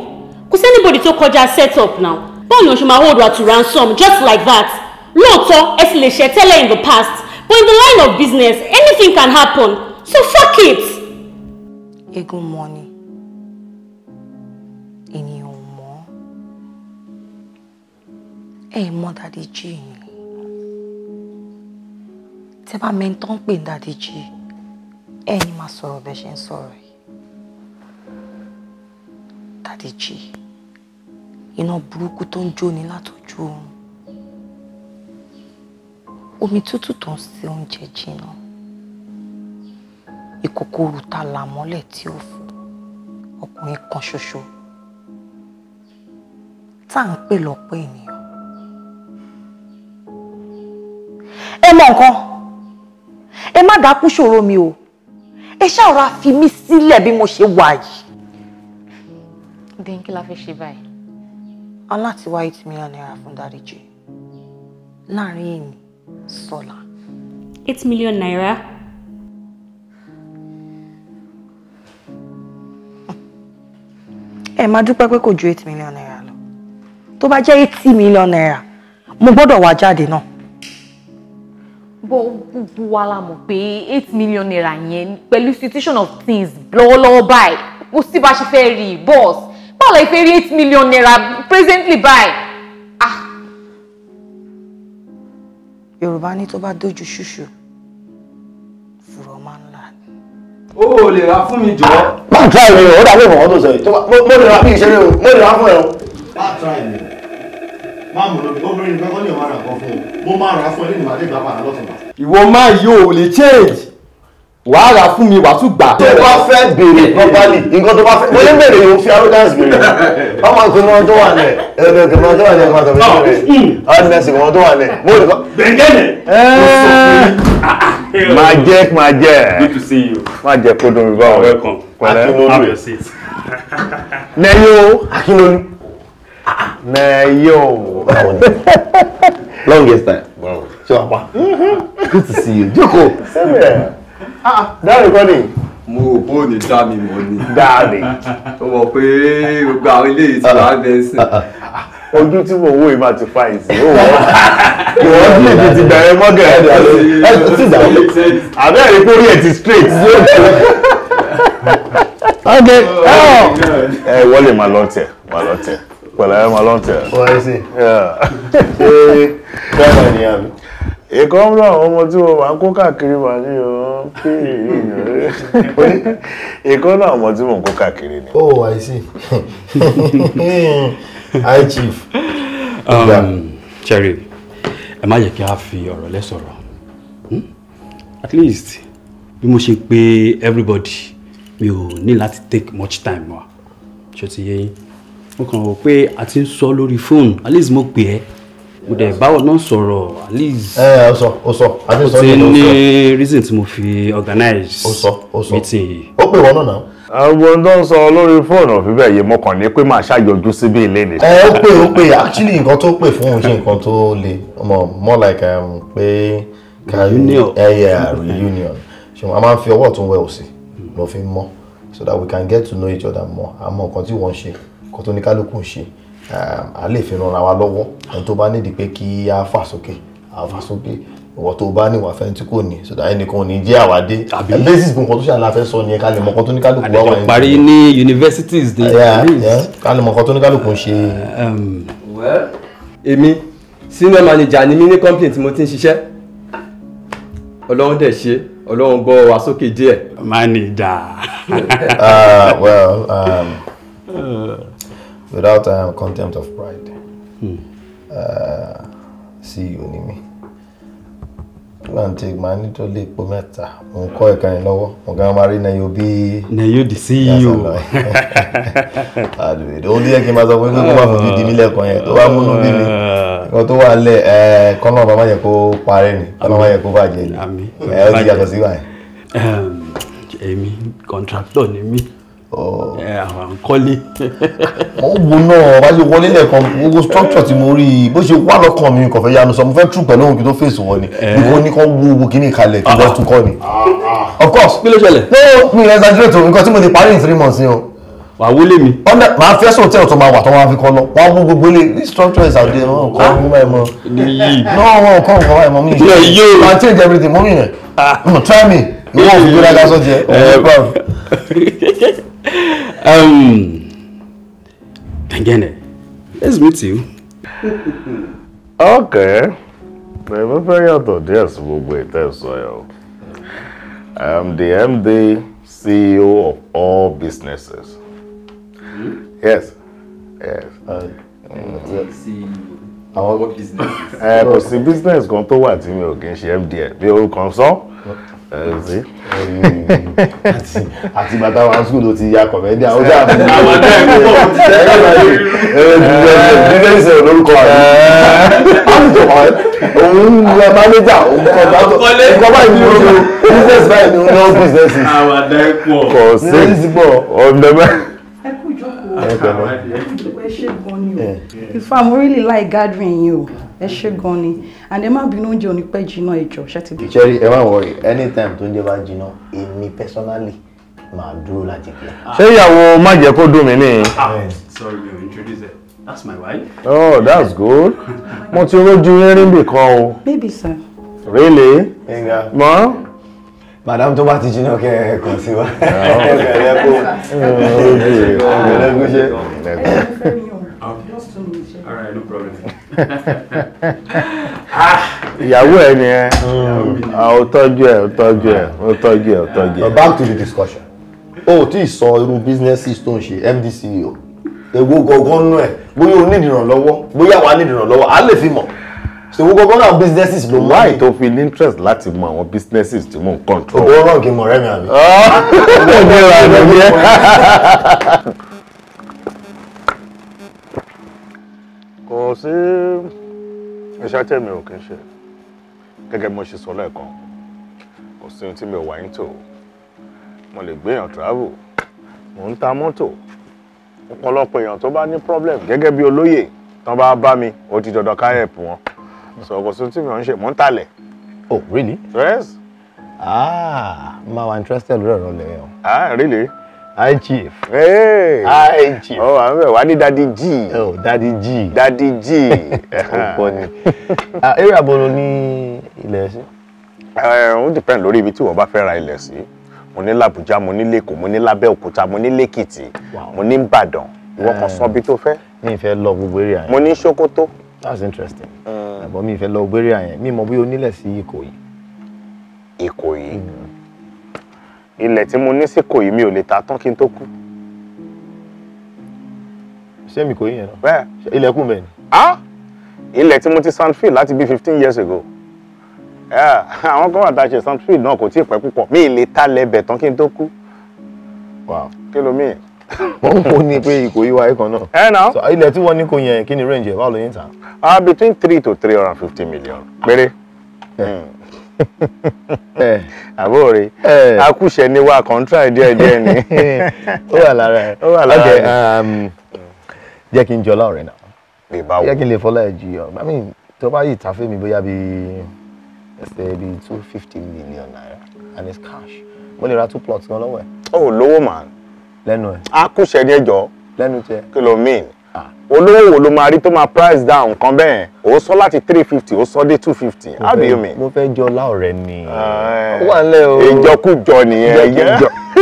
Kò anybody to tó kọjá set up now. Báwo ni o ṣe hold wa to ransom just like that? Lóòótọ́, ẹ sì lè ṣe in the past. But in the line of business, anything can happen. So fuck it. Egun money. ẹ mother dàdí jí yìí tẹ́ bá mẹ́ńtọ́ ń pè ní dàdí jí ẹ ní máa sọ̀rọ̀ bẹ́ẹ̀ ṣe ń sọ̀rọ̀ yìí dàdí jí iná burúkú tó ń jóni látọjú oorun omi tútù tó ń I oúnjẹ jìnnà ìkòkò òrùta làmọ́lẹ̀ tí ó fò ọkùnrin kan ṣoṣo tá à ń pè lọ́pọ̀ ènìyàn. ẹ mọ nǹkan ẹ má dákú ṣòro mi o ẹ ṣàrà fi mí sílẹ̀ bí mo ṣe wà yìí. dínkì la fi ṣe báyìí. aláti wá eight million naira fún dáríjì láàrin èmi sọlá. eight million naira. ẹ máa dúpẹ́ pé kò ju eight million naira lọ tó bá jẹ́ eighty million naira mo gbọ́dọ̀ wá jáde náà bó gbogbo wa la mọ̀ pé eight million naira yẹn pẹ̀lú situation of things lọ́wọ́lọ́wọ́ báyìí kò sí bá ṣe fẹ́ rí boss báwo la fẹ́ rí eight million naira presently báyìí. Ah. Yorùbá ní tó bá dójú ṣùṣù fùrọ̀ máa ń là. ó lè ra fún mi jọ. bá a try mi o ó dàbí ìmọ̀ ọ́ tó sọ yìí mo lè ra bí ìṣeré o mo lè ra fún ẹ o. bá a try mi máa mú lóbi obìnrin nìkan kọ́ ní ọ̀ma ra nǹkan fún o mo máa rà á fún ẹ ní ìmọ̀lẹ́ ìgbà padà lọ́tùnbà. ìwọ máa yí o lè change wà á rà fún mi wà á tún gbà. tó bá fẹ́ béèrè properly nǹkan tó bá fẹ́ mo ní béèrè yòó fi arrogance béèrè ọmọ ìkùnà tó wà lẹ̀ ẹ̀rọ ìkùnà tó wà lẹ̀ mm. ọmọ àtàwọn ìkùnà rẹ̀ ọ̀dínẹ́sì ìkùnà tó wà lẹ̀ mo rí kọ́. bẹ̀ngẹ́nẹ̀. máa jẹ́ máa jẹ́ máa jẹ́ kó dùn mí báwọn. welcome. akínolú. lẹ́yìn o akínolú na yo. Longest time. Wow. Chapa. Mm-hmm. Good to see you. Joko. Same here. Ah, that recording. Mo bo ni da mi mo ni. Da mi. Ó mọ̀ pé gbogbo àwọn eléyìí ti wá be sin. Ojú tí mo wo ima ti fa isi. O wo. Ìwọ ni ti ti bẹ̀rẹ̀ mo ge. E ti da. Abi e ko ri e ti straight. Okay. Oh. Eh, màá lọ tẹ̀, màá lọ pẹ̀lẹ́ ẹ̀ máa lọ́n tẹ̀. wọ́n ẹ sìn. ṣé dáàbà ènìyàn mi. èkó ń lọ àwọn ọmọ tí mo máa ń kó káàkiri màá ní o kí èkó náà ọmọ tí mo ń kó káàkiri ni. oh i see hi chief. Um, cherry ẹ má jẹ́ kí a fi ọ̀rọ̀ lẹ́ sọ̀rọ̀ hmm? at least bí mo ṣe pè everybody mi ò ní láti take much time wa ṣé o ti yé yín mo kàn rò pé a ti ń sọ lórí fóònù at least mo pè ẹ́ mo dẹ̀ báwo náà sọ̀rọ̀ at least. ẹ ẹ o sọ o sọ a ti sọ ní o sọ. o ti ní reason tí mo fi organize. o sọ o sọ meeting yìí. ó pè wọ́n náà náà. àwọn tó ń sọ lórí fóònù fífẹ́ yìí mo kàn ní pé màá ṣàyọjú síbí ilé ni. ẹ ó pè ó pè actually nǹkan tó pè fún òun ṣe nǹkan tó le more like um, pé. reunion ẹ yẹ reunion ṣùgbọ́n a máa ń fi ọwọ́ ọ̀tún wẹ̀ òsì lọ fi mọ́ so that we can get to know each other more àmọ́ nǹkan tí wọ́n ṣe nǹkan tó ní kálukú ń ṣe um, a lè fi ran wa lọ́wọ́ ẹni tó bá nídìí pé kí a fà sókè a fà sókè ìwọ tó bá ní ìwàfẹ́ tí kò ní sọdá ẹnìkan ní jẹ́ àwádé basis fún nǹkan tó ṣàlà fẹ́ sọ nìyẹn ká lè mọ nǹkan tó ní kálukú wà wáyé. parí ní universities de paris ká lè mọ nǹkan tó ní kálukú ń ṣe. Um, èmi senior manager ni mí ní company tí mo ti ń ṣiṣẹ́ ọlọ́run dẹ̀ ṣe ọlọ́run gbọ́ wa sókè díẹ̀. manager. Ah, um, uh without um, contempt of pride hmm. uh, CEO ni mi go and take my ní tó lè po mẹ́ta mo ń kọ́ ìkànnì lọ́wọ́ mo gan máa rí nayo bí. nayo di CEO. àdùbẹ̀dẹ̀ ó díẹ̀ kí n máa sọ pé kókó máa fojú di mí lẹ́ẹ̀kan yẹn tó bá múnú bí mi nǹkan tó wà lẹ̀ ẹ̀ kọ́nà ọba máa yẹ kó parẹ́ ni kọ́nà ọba máa yẹ kó bàjẹ́ ni ẹ̀ ó ti yàtọ̀ sí wa. èmi kọ̀ǹtráktọ̀ ni mí kọ́lé. mo wo náà wáyé wọlé lẹ́ẹ̀kan gbogbo structure tí mo rí i bó ṣe wá lọ́kàn mi kò fẹ́ yanu sọ mo fẹ́ tú pẹ̀lú òun kí tó fèsì wọ ni ìwọ ní kan wo wo kíní kalẹ̀ kí wọ́n tún kọ́ ni. Ah, ah. of course kí ló ṣẹlẹ̀. no mi exaggerate nǹkan tí mo ti parí in three months ni o. wà á wọlé mi. ọ̀nà màá fẹ́ sọ̀rọ̀ tẹ́lẹ̀ tó máa wà tó máa fi kọ́ lọ wọ́n mú gbogbo lé ní structure is out there wọn kọ́ ọ̀hún báyìí mọ́. no wọn kọ́ ọ̀hún báyìí mọ́ mi. I change everything mọ́ mi yẹn. Ah. try me. ìwọ òfin gbé Um, Dangene, let's meet you. okay. Never very out of this I'm the MD, CEO of all businesses. Yes. Yes. Uh, mm. CEO. Àwọn business. Ẹ eh, kò sí business kan tó wà tí mi ò MD ẹ̀ bí orúkọ àti bàtà wa school ló ti ya kọ̀mẹ́díà ó jà fún mi. àwọn ọ̀dọ́ ẹ̀ ń bọ̀ ti tẹ́ ẹ̀ báyìí bíbélì sọ̀rọ̀ lórúkọ rẹ̀ òun ń lọ mánéjà òun kọ báyìí ní oṣù business báyìí ní oṣù business. àwọn ọ̀dọ́ ẹ̀ pọ̀ kọ̀ sí ọ̀dọ́ mẹ́. ẹ kú ìjọba ẹ ṣe really like gathering you, o ẹ ṣe gan ni and ẹ má bínú oúnjẹ onípẹ́ jiná ẹjọ́ ṣe ti bí. jerry ẹ má worry anytime to ń jẹ bá in me personally my dúró láti it. Ah. ṣé ìyàwó má jẹ́ kó dùn mí ni. Ah, sorry mi ò introduce it that's my wife. oh that's good mo ti rojú yín rí bìkan o. sir. really. ma madam tó bá ti jiná kẹ ẹ kàn sí wa ẹgbẹ̀rẹ̀ kó ẹgbẹ̀rẹ̀ kó ṣe. ìyàwó ẹ ni ẹ ó mm. tọ́jú ẹ ó tọ́jú ẹ ó tọ́jú ẹ ó tọ́jú ẹ. back to the discussion o ò tí ì sọ irú businesses tó ń ṣe MD CEO èwo gangan nú ẹ bóyá o ní ìdìrànlọ́wọ́ bóyá wàá ní ìdìrànlọ́wọ́ a lè fi mọ̀ ṣòwò gbogbo náà businesses ló mọ. why tó fi interest láti mọ àwọn businesses tí mò ń control. owó ràn kí n mọ rẹ mi àbí. Ah! ọ̀ọ́ mi ra ẹ̀rọ yẹn. kò sí iṣẹ́ tẹ̀mí ò kí n ṣe gẹ́gẹ́ bí mo ṣe sọ lẹ́ẹ̀kan kò sí ohun tí mi ò wá ń tò mo lè gbéyàn travel mo ń ta mọ́tò ọ̀pọ̀lọpọ̀ èèyàn tó bá ní problem gẹ́gẹ́ bí olóyè tán bá bá mi ó ti dandan ká help wọn sọ̀kò sí tí mi ò ń ṣe mò ń talẹ̀. oh really. yes. ah ma wa interested lórí ọ̀rọ̀ lẹ́yìn o. ah really. hi chief. hey hi chief. ọ oh, àwọn ẹ̀ wá ní dadi g. oh dadi g. dadi g. ó pọ̀ ni. Ah, area bolo ní ilẹ̀ sí. Eh, ó depend lórí ibi tí wọ́n bá fẹ́ ra ilẹ̀ sí mo ní làbújá mo ní lẹ́kọ̀ọ́ mo ní lábẹ́òkúta mo ní lẹ́kìtì mo ní ìbàdàn wọ́n kan eh. sọ bí tó fẹ́. mi fẹ́ lọ gbogbo eré àyè. mo ní sokoto that's interesting. àbọ̀ uh, mi ìfẹ́ lọ gbére àyẹn mi mọ bí onílẹ̀ sí Ìkòyí. Ìkòyí mm-hmm. ilẹ̀ tí mo ní sí Ìkòyí mi ò lè ta tán kí n tó kú. ṣé mi Ìkòyí yẹn náà. bẹ́ẹ̀ ilẹ̀ kù mẹ́rin. ah ilẹ̀ tí mo ti sandfield láti bí fifteen years ago àwọn kan wà tá a ṣe sandfield náà kò tí ì pẹ́ púpọ̀ mi ì lè ta lẹ́bẹ̀ tán kí n tó kú. wow kí ló mìíràn wọ́n mú ní pé Ìkòyí wa ikàn náà. ẹ náà. so ilẹ̀ tí wọ́n ní kò yẹn kí ni range ẹ̀ báwo ló yín tà. ah between three to three hundred and fifty million péré. Eh. Hmm. Eh. àbó rè eh. akúṣẹ ni wa kọ́ńtà díẹ̀ díẹ̀ ni. ó wà lára ẹ ó wà lára ẹ um, jẹ́ kí n jọlá ọ̀rẹ́ náà ìbáwò yẹ kí n lè fọlá ẹ jù yọ i mean tó bá yìí tàfé mi bóyá bíi ẹsẹ bíi two fifty million naira and it's cash mo lè ra two plots gan lọ́wọ́ ẹ̀. o oh, lówó màá lẹ́nu ẹ̀. a kù sẹ́ni ẹ̀jọ́ lẹ́nu tiẹ̀. kí ló mean ah. olówó wo ló máa rí tó máa price down nǹkan bẹ́ẹ̀ ó sọ láti three fifty ó sọ dé two fifty how do you mean. mo fẹ́ jọ láọ̀rẹ́ ni ah. ó wà nílẹ̀ o ìjọkújọ nìyẹn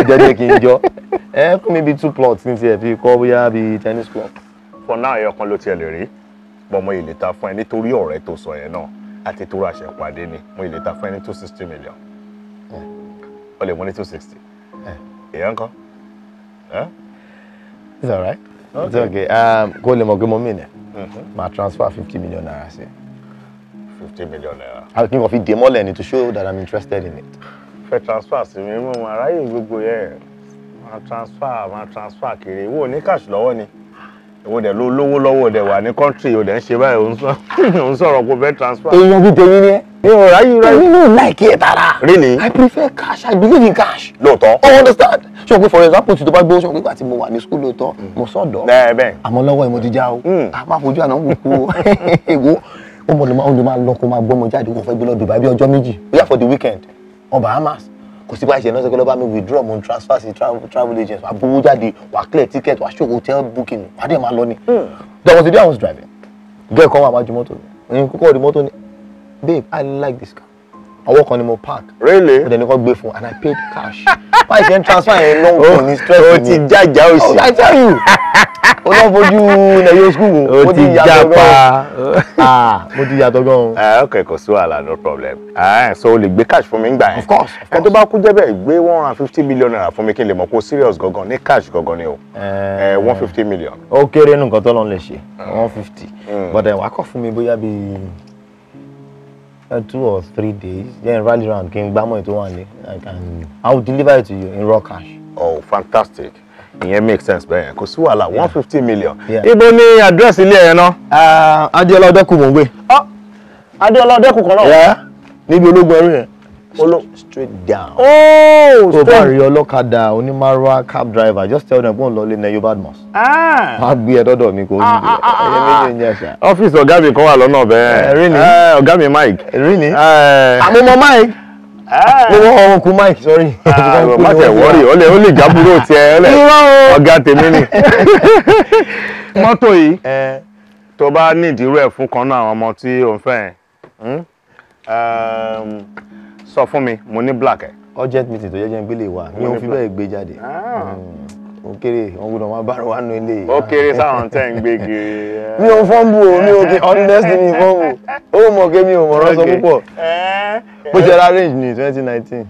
jẹjẹ kí n jọ ẹ fún mi bíi two plots ní tiẹ̀ fi kọ́ bóyá bíi tennis club. for now ẹyọ kan ló tiẹ̀ lè rí bọ́ mo ìlè ta fún ẹ nítorí ọ̀rẹ́ tó sọ yẹn náà àti tó ràṣẹ pàdé ni mo ìlè ta fún ẹ ní two sixty million ó lè mú ní two sixty èèyàn kan. Huh? It's all right. Okay. It's okay. Um, kó lè mọ̀ pé mo mí nẹ̀. Màá transfer fifty million naira sí. Fifty million naira. Àwọn kí n kò fi dè mọ́lẹ̀ ni to show that I'm interested in it. Fẹ́ transfer si mi, mo máa ráyè gbogbo yẹn. Màá transfer, màá transfer kiri. Ìwọ ní cash lọ́wọ́ ni. Ìwọ de ló lówó lowo de wa ni country, o dẹ̀ ń ṣe báyìí, o Nso sọ̀rọ̀ k'o fẹ́ transfer. Èèyàn bíi tèmi ni mi ò ráyè ráyè. èmi don't like it, tara. really i prefer cash i believe in cash. lóòótọ́. o oh, understand ṣé o pé for example tí tó bá gbé oṣù nígbà tí mo wà ní school lóòótọ́ hmm. mo sọ̀dọ̀. bẹ́ẹ̀ bẹ́ẹ̀. àmọ́ lọ́wọ́ ẹ̀ the ti I'm o. Hmm. a máa fojú àná wò kú o. o mọ̀ ló máa ń lọ kó máa gbọ́mọ jáde kó fẹ́ gbé lọ Dubai bí ọjọ́ méjì bóyá for the weekend On Bahamas kò sí bá ṣe lọ́sẹ̀ pé lọ́ba mi withdraw mo transfer sí travel agent wà bówó the wà clear ticket I show hotel booking I dé máa money. ni. Hmm. there was the day i was driving girl kan wà wájú mọ́tò mi òyìnbó kọ́kọ́ di mọ́tò ni babe i like this car I ọwọ́ on the mo park. really But then ní kó gbé fún and i paid cash. why you ń transfer yẹn long run ní stress mi. o ti jájà o sì. Oh, i tell you o náà fojú nàìjíríà school o ti japa mo ti ah, yàtọ̀ gan-an. Ah, ok kò sí wàhálà no problem uh, so o lè gbé cash fún mi ngbà yẹn. of course of course. ẹ tó bá kú jẹ́ bẹ́ẹ̀ gbé one hundred and fifty million naira fún mi kí n lè mọ̀ kó serious gangan ní cash gangan ni o eh, eh. one fifty million. ó kéré nù nǹkan tó lọ́n lè ṣe hmm. one fifty hmm. but wàá kọ́ fún mi bóyá bíi uh, two or three days then rally round kí n gbámọ̀ ètò wà ní can. i will deliver it to you in raw cash. oh fantastic ìyẹn make sense bẹ́ẹ̀ kò sí wàhálà one fifty million. ibo ni address ilé ẹ̀ náà. Uh, adéọlá ọdẹkùn mò ń Adiola ah, adéọlá ọdẹkùn kan náà. níbi ológun ẹrú yẹn follow straight down. Oh, straight tó bá rí ọlọ́kadà onímàrúwá cab driver just tell them pé òun lọ lé neyo badmus. má ah. gbé ẹ dọ́dọ̀ mi kò ah, ah, ń gbé ẹyẹ méjì ń yẹ ṣá. ọ́fíìsì ọ̀gá mi kan wà lọ́nà bẹ́ẹ̀. Eh, rí ni eh, ọ̀gá mi Mike. rí ni eh. àmúmọ̀ Mike owó ọmọ kú Mike sorry. má tẹ̀ wọ́rì ó lè ó lè jábúrò tiẹ̀ ó lè ọ̀gá tèmi ni. mọ́tò yìí tó bá nídìí rẹ̀ fún kan náà àwọn ọmọ tí òun fẹ́ yẹn. Hmm? Um, sọ fún mi mo ní black ẹ. urgent meeting tó jẹ́jẹ́ ń gbélé wa mi ò fi bẹ́ẹ̀ gbé jáde ah. hmm, ó kéré wọn gbọ́dọ̀ máa bára wa nù ilé yìí. ó kéré sáwọn tẹ́ ń gbé kiri. mi ò fọ́nbù o mi ò kí honestly mi fọ́nbù ó mọ̀ kí mi ò mọ̀rọ̀ sọ púpọ̀ bó eh. ṣe ra range ní twenty nineteen.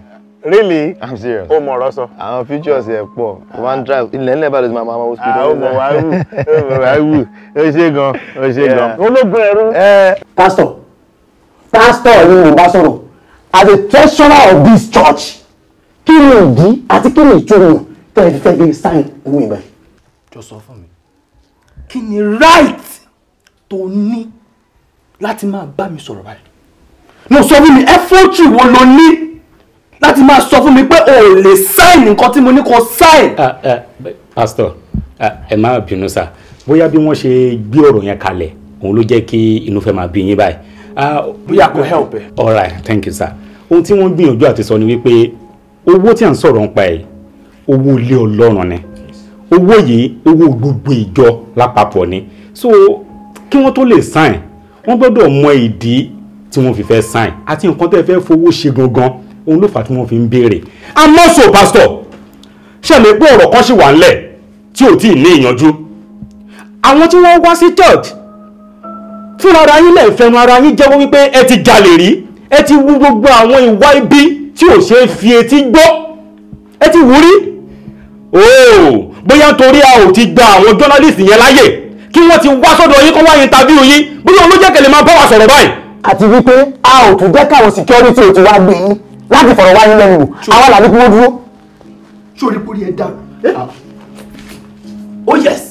really i'm serious. ó mọ̀rọ̀ sọ. àwọn features yẹn pọ̀ one drive ilẹ̀ ńlẹ̀ balẹ̀ máa máa wo speed. Ah, ó mọ̀ wá wù ó mọ̀ wá wù ó ṣe gan ó ṣe gan. ológun ẹrú. Eh. pásítọ̀ pásítọ̀ ni mo bá sọ̀rọ̀ as a treasurer of this church kí ni ìdí àti kí ni ìtumọ̀ tẹ́lẹ̀ fi fẹ́ fi sign owó ìbá yìí. jọ sọ fún mi kí ni right tó ní láti máa bá mi sọ̀rọ̀ báyìí mo sọ fún mi ẹfọ́tì wo lo ní láti máa sọ fún mi pé o lè sign nǹkan tí mo ní kó sign. Ah, ah, pastor ah, ẹ má bínú sá bóyá bí wọ́n ṣe gbé ọ̀rọ̀ yẹn kalẹ̀ òun ló jẹ́ kí inú fẹ́ máa bí yín báyìí. bóyá kò help ẹ. all right thank you sir ohun tí wọ́n gbìyànjú àti sọ ni wípé owó tí à ń sọ̀rọ̀ ń pa ẹ̀ owó ilé ọlọ́run ni owó yìí owó gbogbo ìjọ lápapọ̀ ni so kí wọ́n tó lè sign wọ́n gbọ́dọ̀ mọ ìdí tí wọ́n fi fẹ́ sign àti nǹkan tẹ́ fẹ́ fowó ṣe gangan òun ló fà tí wọ́n fi ń béèrè àmọ́ so pastor ṣẹlẹ̀ pé ọ̀rọ̀ kan ṣì wà ńlẹ̀ tí ò tí ì ní ìyanjú àwọn tí wọ́n wá sí church fúnra ara yín lè fẹnu ara yín jẹ́wọ́ wípé ẹ ti jalè rí ẹ ti wú gbogbo àwọn ìwà ibi tí ò ṣe fi etí gbọ́ ẹ ti wú rí ooo bóyá nítorí a ò ti gba àwọn journalist yẹn láyè kí wọ́n ti wá sọ́dọ̀ yín kó wá interview yín bóyá olójẹ́ kẹlẹ̀ máa bá wa sọ̀rọ̀ báyìí. àti wípé a ò tún jẹ́ káwọn security ò ti wá gbé yín láti fọ̀rọ̀ wá yín lẹ́nu wò àwa làbí kí wọ́n dúró. sórí kúrì ẹ dá oh yes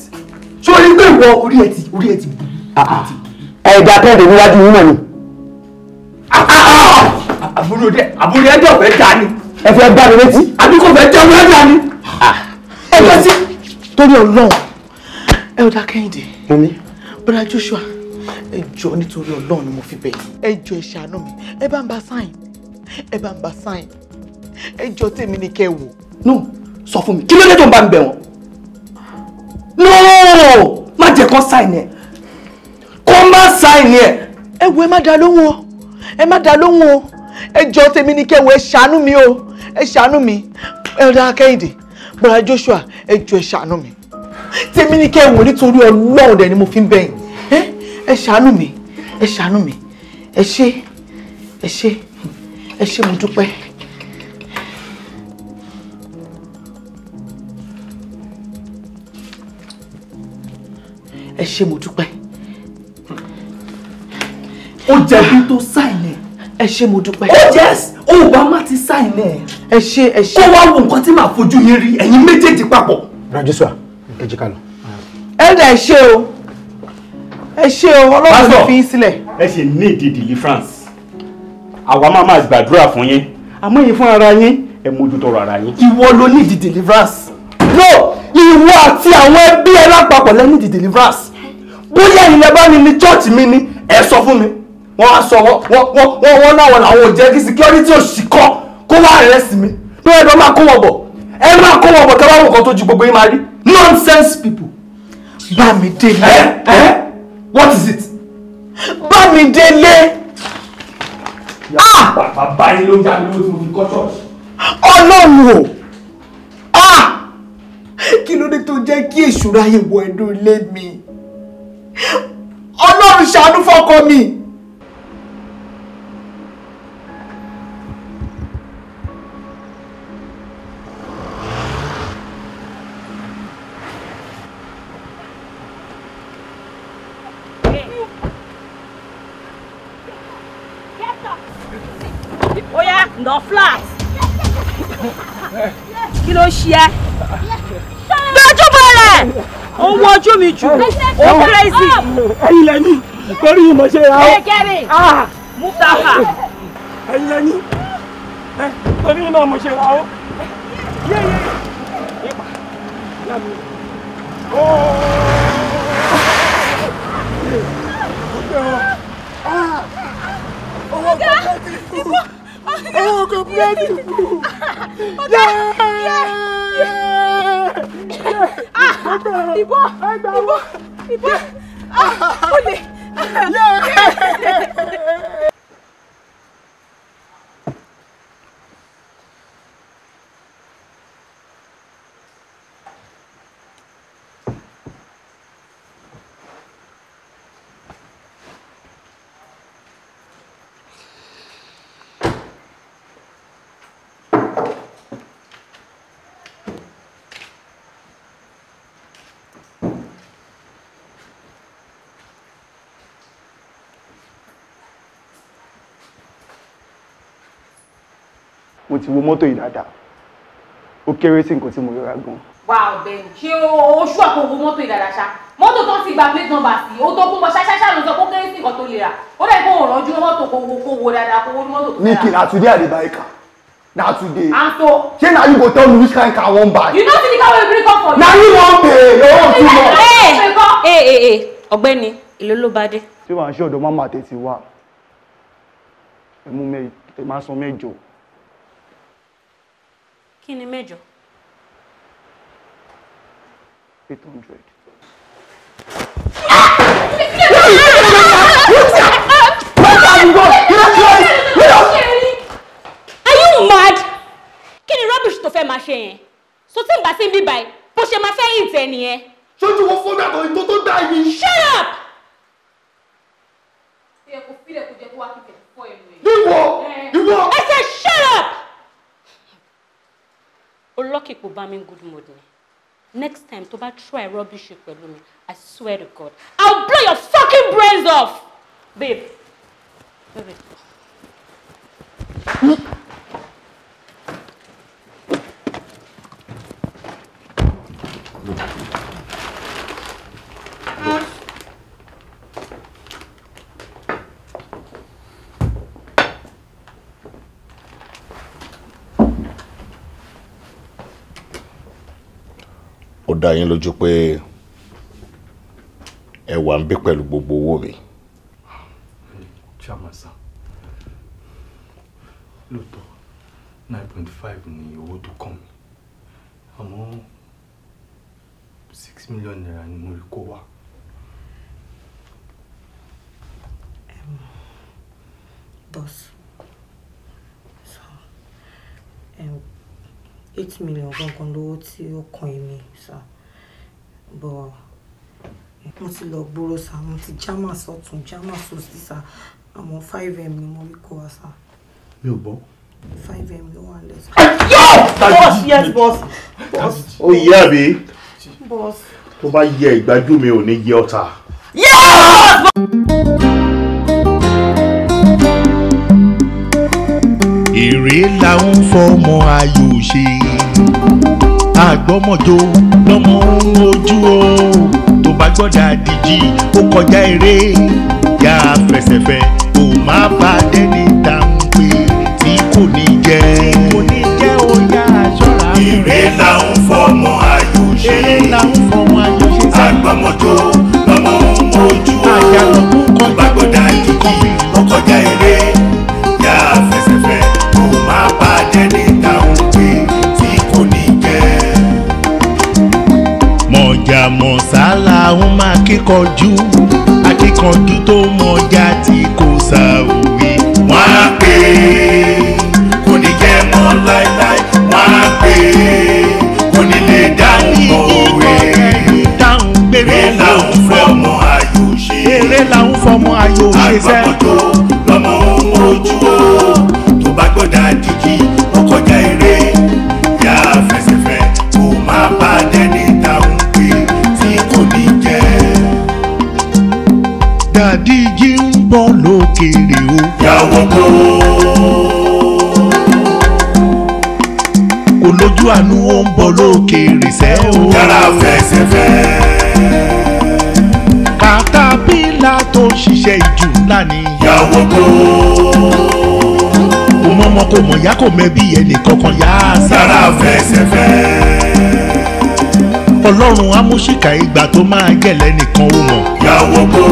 sórí pé ìwọ orí ẹ ti orí ẹ ti bù. Ah, ah. ẹ̀dá kẹ́hìndé níwájú yín náà ni àbúrò dẹ àbúrò ẹ dọ̀fẹ́ dá ni. ẹ fẹ́ bá mi létí. àbí kò fẹ́ jẹun ẹ dá ni. Ah. ẹ fẹ́ sí. torí ọlọ́run ẹ ò dá kẹ́hìndé. mo ní. bọ́dà Joshua ẹ jọ nítorí ọlọ́run ni mo fi bẹ̀ yín. ẹ jọ ẹ ṣàánú mi ẹ bá ń ba sáìn ẹ bá ń ba sáìn ẹ jọ tèmi ni kẹ́ ẹ wò. no sọ fún mi kí ló dé tó ń bá mi bẹ̀ wọ́n. no má jẹ́ kó sáìn ẹ̀ kó má sáìn ẹ̀. ẹ wo ẹ má dá lóhùn o ẹ má dá lóhùn o ẹ jọ tèmi ní kẹwọ ẹ ṣàánú mi o ẹ ṣàánú mi elder Kẹ́hìndé bọ́lá Joshua ẹ jọ ẹ ṣàánú mi tèmi ní kẹwọ nítorí Ọlọ́run dẹ̀ ni mo fi ń bẹ̀yìn ẹ ṣàánú mi ẹ ṣàánú mi ẹ ṣé ẹ ṣé ẹ ṣé mo dúpẹ́. ẹ ṣé mo dúpẹ́ ó jẹ̀bi tó sáyìn ẹ ṣé mo dúpẹ́. oh yes o bá má ti sáì náà. ẹ ṣé ẹ ṣé. kó wá wo nǹkan tí màá fojú yín rí ẹ̀yin méjèèjì papọ̀. rajiswa ẹ jí ká lọ. ẹ̀dà ẹ ṣé o ẹ ṣé o ọlọ́run ló fi í sílẹ̀. ẹ ṣe ní ìdí deliverance àwa máa máa gbàdúrà fún yín àmọ́ yín fún ara yín ẹ mójútó ara yín. ìwọ ló ní ìdí deliverance. no ìwọ àti àwọn ẹbí ẹ lápapọ̀ lẹ́ni ìdí deliverance bóyá ìlẹ̀ bá ní ní church mi ni ẹ sọ fún mi wọ́n á sọ wọ́n láwọn làwọn ò jẹ́ kí security òṣìkọ́ kó wá arrest mi bí wọ́n máa kó wọn bọ̀ ẹ máa kó wọn bọ̀ kẹ́ kan tó ju gbogbo yín máa rí nonsense people. Bámidélé. ẹ ẹ what is it. Bámidélé. ah bàbá yín ló ń jáde lówó tí mo kọ́ ṣọ́ọ̀ṣì. ọlọ́run o ah kí ló dé tó jẹ́ kí èṣù ráyè wọ inú ilé mi ọlọ́run ṣàánú fọ́kọ mi. ojú mi jù ó kéré sí. ẹ̀yin lẹni lórí ìmọ̀ṣẹ́ ra ó. kékeré mustapha. ẹ̀yin lẹni lórí ìmọ̀ṣẹ́ ra ó. owó kọ́kọ́ ti kú. Oh, beautiful! Yeah! Yeah! Yeah! Ah! Ìbò! Ìbò! Ìbò! Ah! Olè! Yeah! mo ti wo mọ́tò yìí dáadáa ó kéré sí nǹkan tí mo rọra gan. wà á ọ̀bẹ ṣé oṣù àkókò mọ́tò yìí dáadáa ṣá mọ́tò tó ti gba plate number sí ó tó kún bọ́ ṣáṣáṣá ló sọ pé ó kéré sí nǹkan tó lè rà ó dẹ̀ kó o rànjú mọ́tò kó wo kó wo dáadáa kó wo ní mọ́tò tó rà. Nikki na today I dey buy na today. and so. ṣé na you go tell me which kind car I wan buy. you know say the car wey bring come for you. na you wan pay your own too much. ee ee ee ọ̀gbẹ́ni èló ló bá dé. ṣé wàá ṣe ọ̀dọ̀ máma tètè wá ẹ mú mẹ́ ẹ kí ni mẹ́jọ. eight hundred. are you mad? kí rubbish tó fẹ́ máa so tí n bá sí bíbá yìí bó ṣe máa fẹ́ yìí tẹ̀ nìyẹn. ṣojú wo fún dàgbà ètò tó dá yìí. shut up. ìyẹ̀kùn fílẹ̀ kò jẹ́ kó wá kíkẹ́ fọ́ ẹ̀mí. ìwọ eh. ìwọ. olókìkò bá mi good mood ni next time to bá try rubbish pẹ̀lú mi i swear to god i will blow your fucking brains off babe babe. dá yín lójú pé ẹ wà ń bí pẹ̀lú gbogbo owó mi. chairman sir lóòótọ́ nine point five ni owó tó kàn mí àmọ́ six million naira ni mo rí kó wá. boss so um, eight million gangan lówó tí ó kàn mí sir. So bọ̀ mo ti lọ gbòòrò sá mo ti jama sọ̀tún jama sòsì sá àmọ́ five m ni mo rí kó wa sá. mi ò gbọ́. five m ló wà lẹ́sọ̀. yóò boss yes boss boss. ó yẹ àbí. boss. tó bá yẹ ìgbájú mi ò ní yẹ ọ̀tá. yóò boss. èrè fọmọ ayò ṣe àgbọ́mọ̀jọ lọ́mọ ń ojú o tó bá gbọ́dọ̀ àdìjì ó kọjá eré yá fẹsẹ̀fẹ́ kò má bá dẹ́ni tá ń pè tí kò ní jẹ́. tí kò ní jẹ́ ó yá ṣọ́ra. ire la ń fọmọ ayò ṣe. ire la ń fọmọ ayò ṣe. àgbọ́mọ̀jọ lọ́mọ ń ojú o tó bá gbọ́dọ̀ àdìjì ó kọjá eré. akíkanjú akíkanjú tó mọjà tí kò ṣàwòye. wọ́n á pè é kò ní jẹ́ mọ́ láéláé wọ́n á pè é. ojú àánú ó ń bọ̀ lókèèrè sẹ́ o. yàrá fẹsẹ̀fẹ́. katapila tó ń ṣiṣẹ́ ìjù ńlá ni. yàwó kó. kò mọ ọmọ kò mọ̀ ya kò mẹ́bí ẹnì kankan yá a sá. yàrá fẹsẹ̀fẹ́. ọlọ́run amúṣìkà ìgbà tó máa gẹ̀lẹ́ nìkan ó mọ̀. yàwó kó.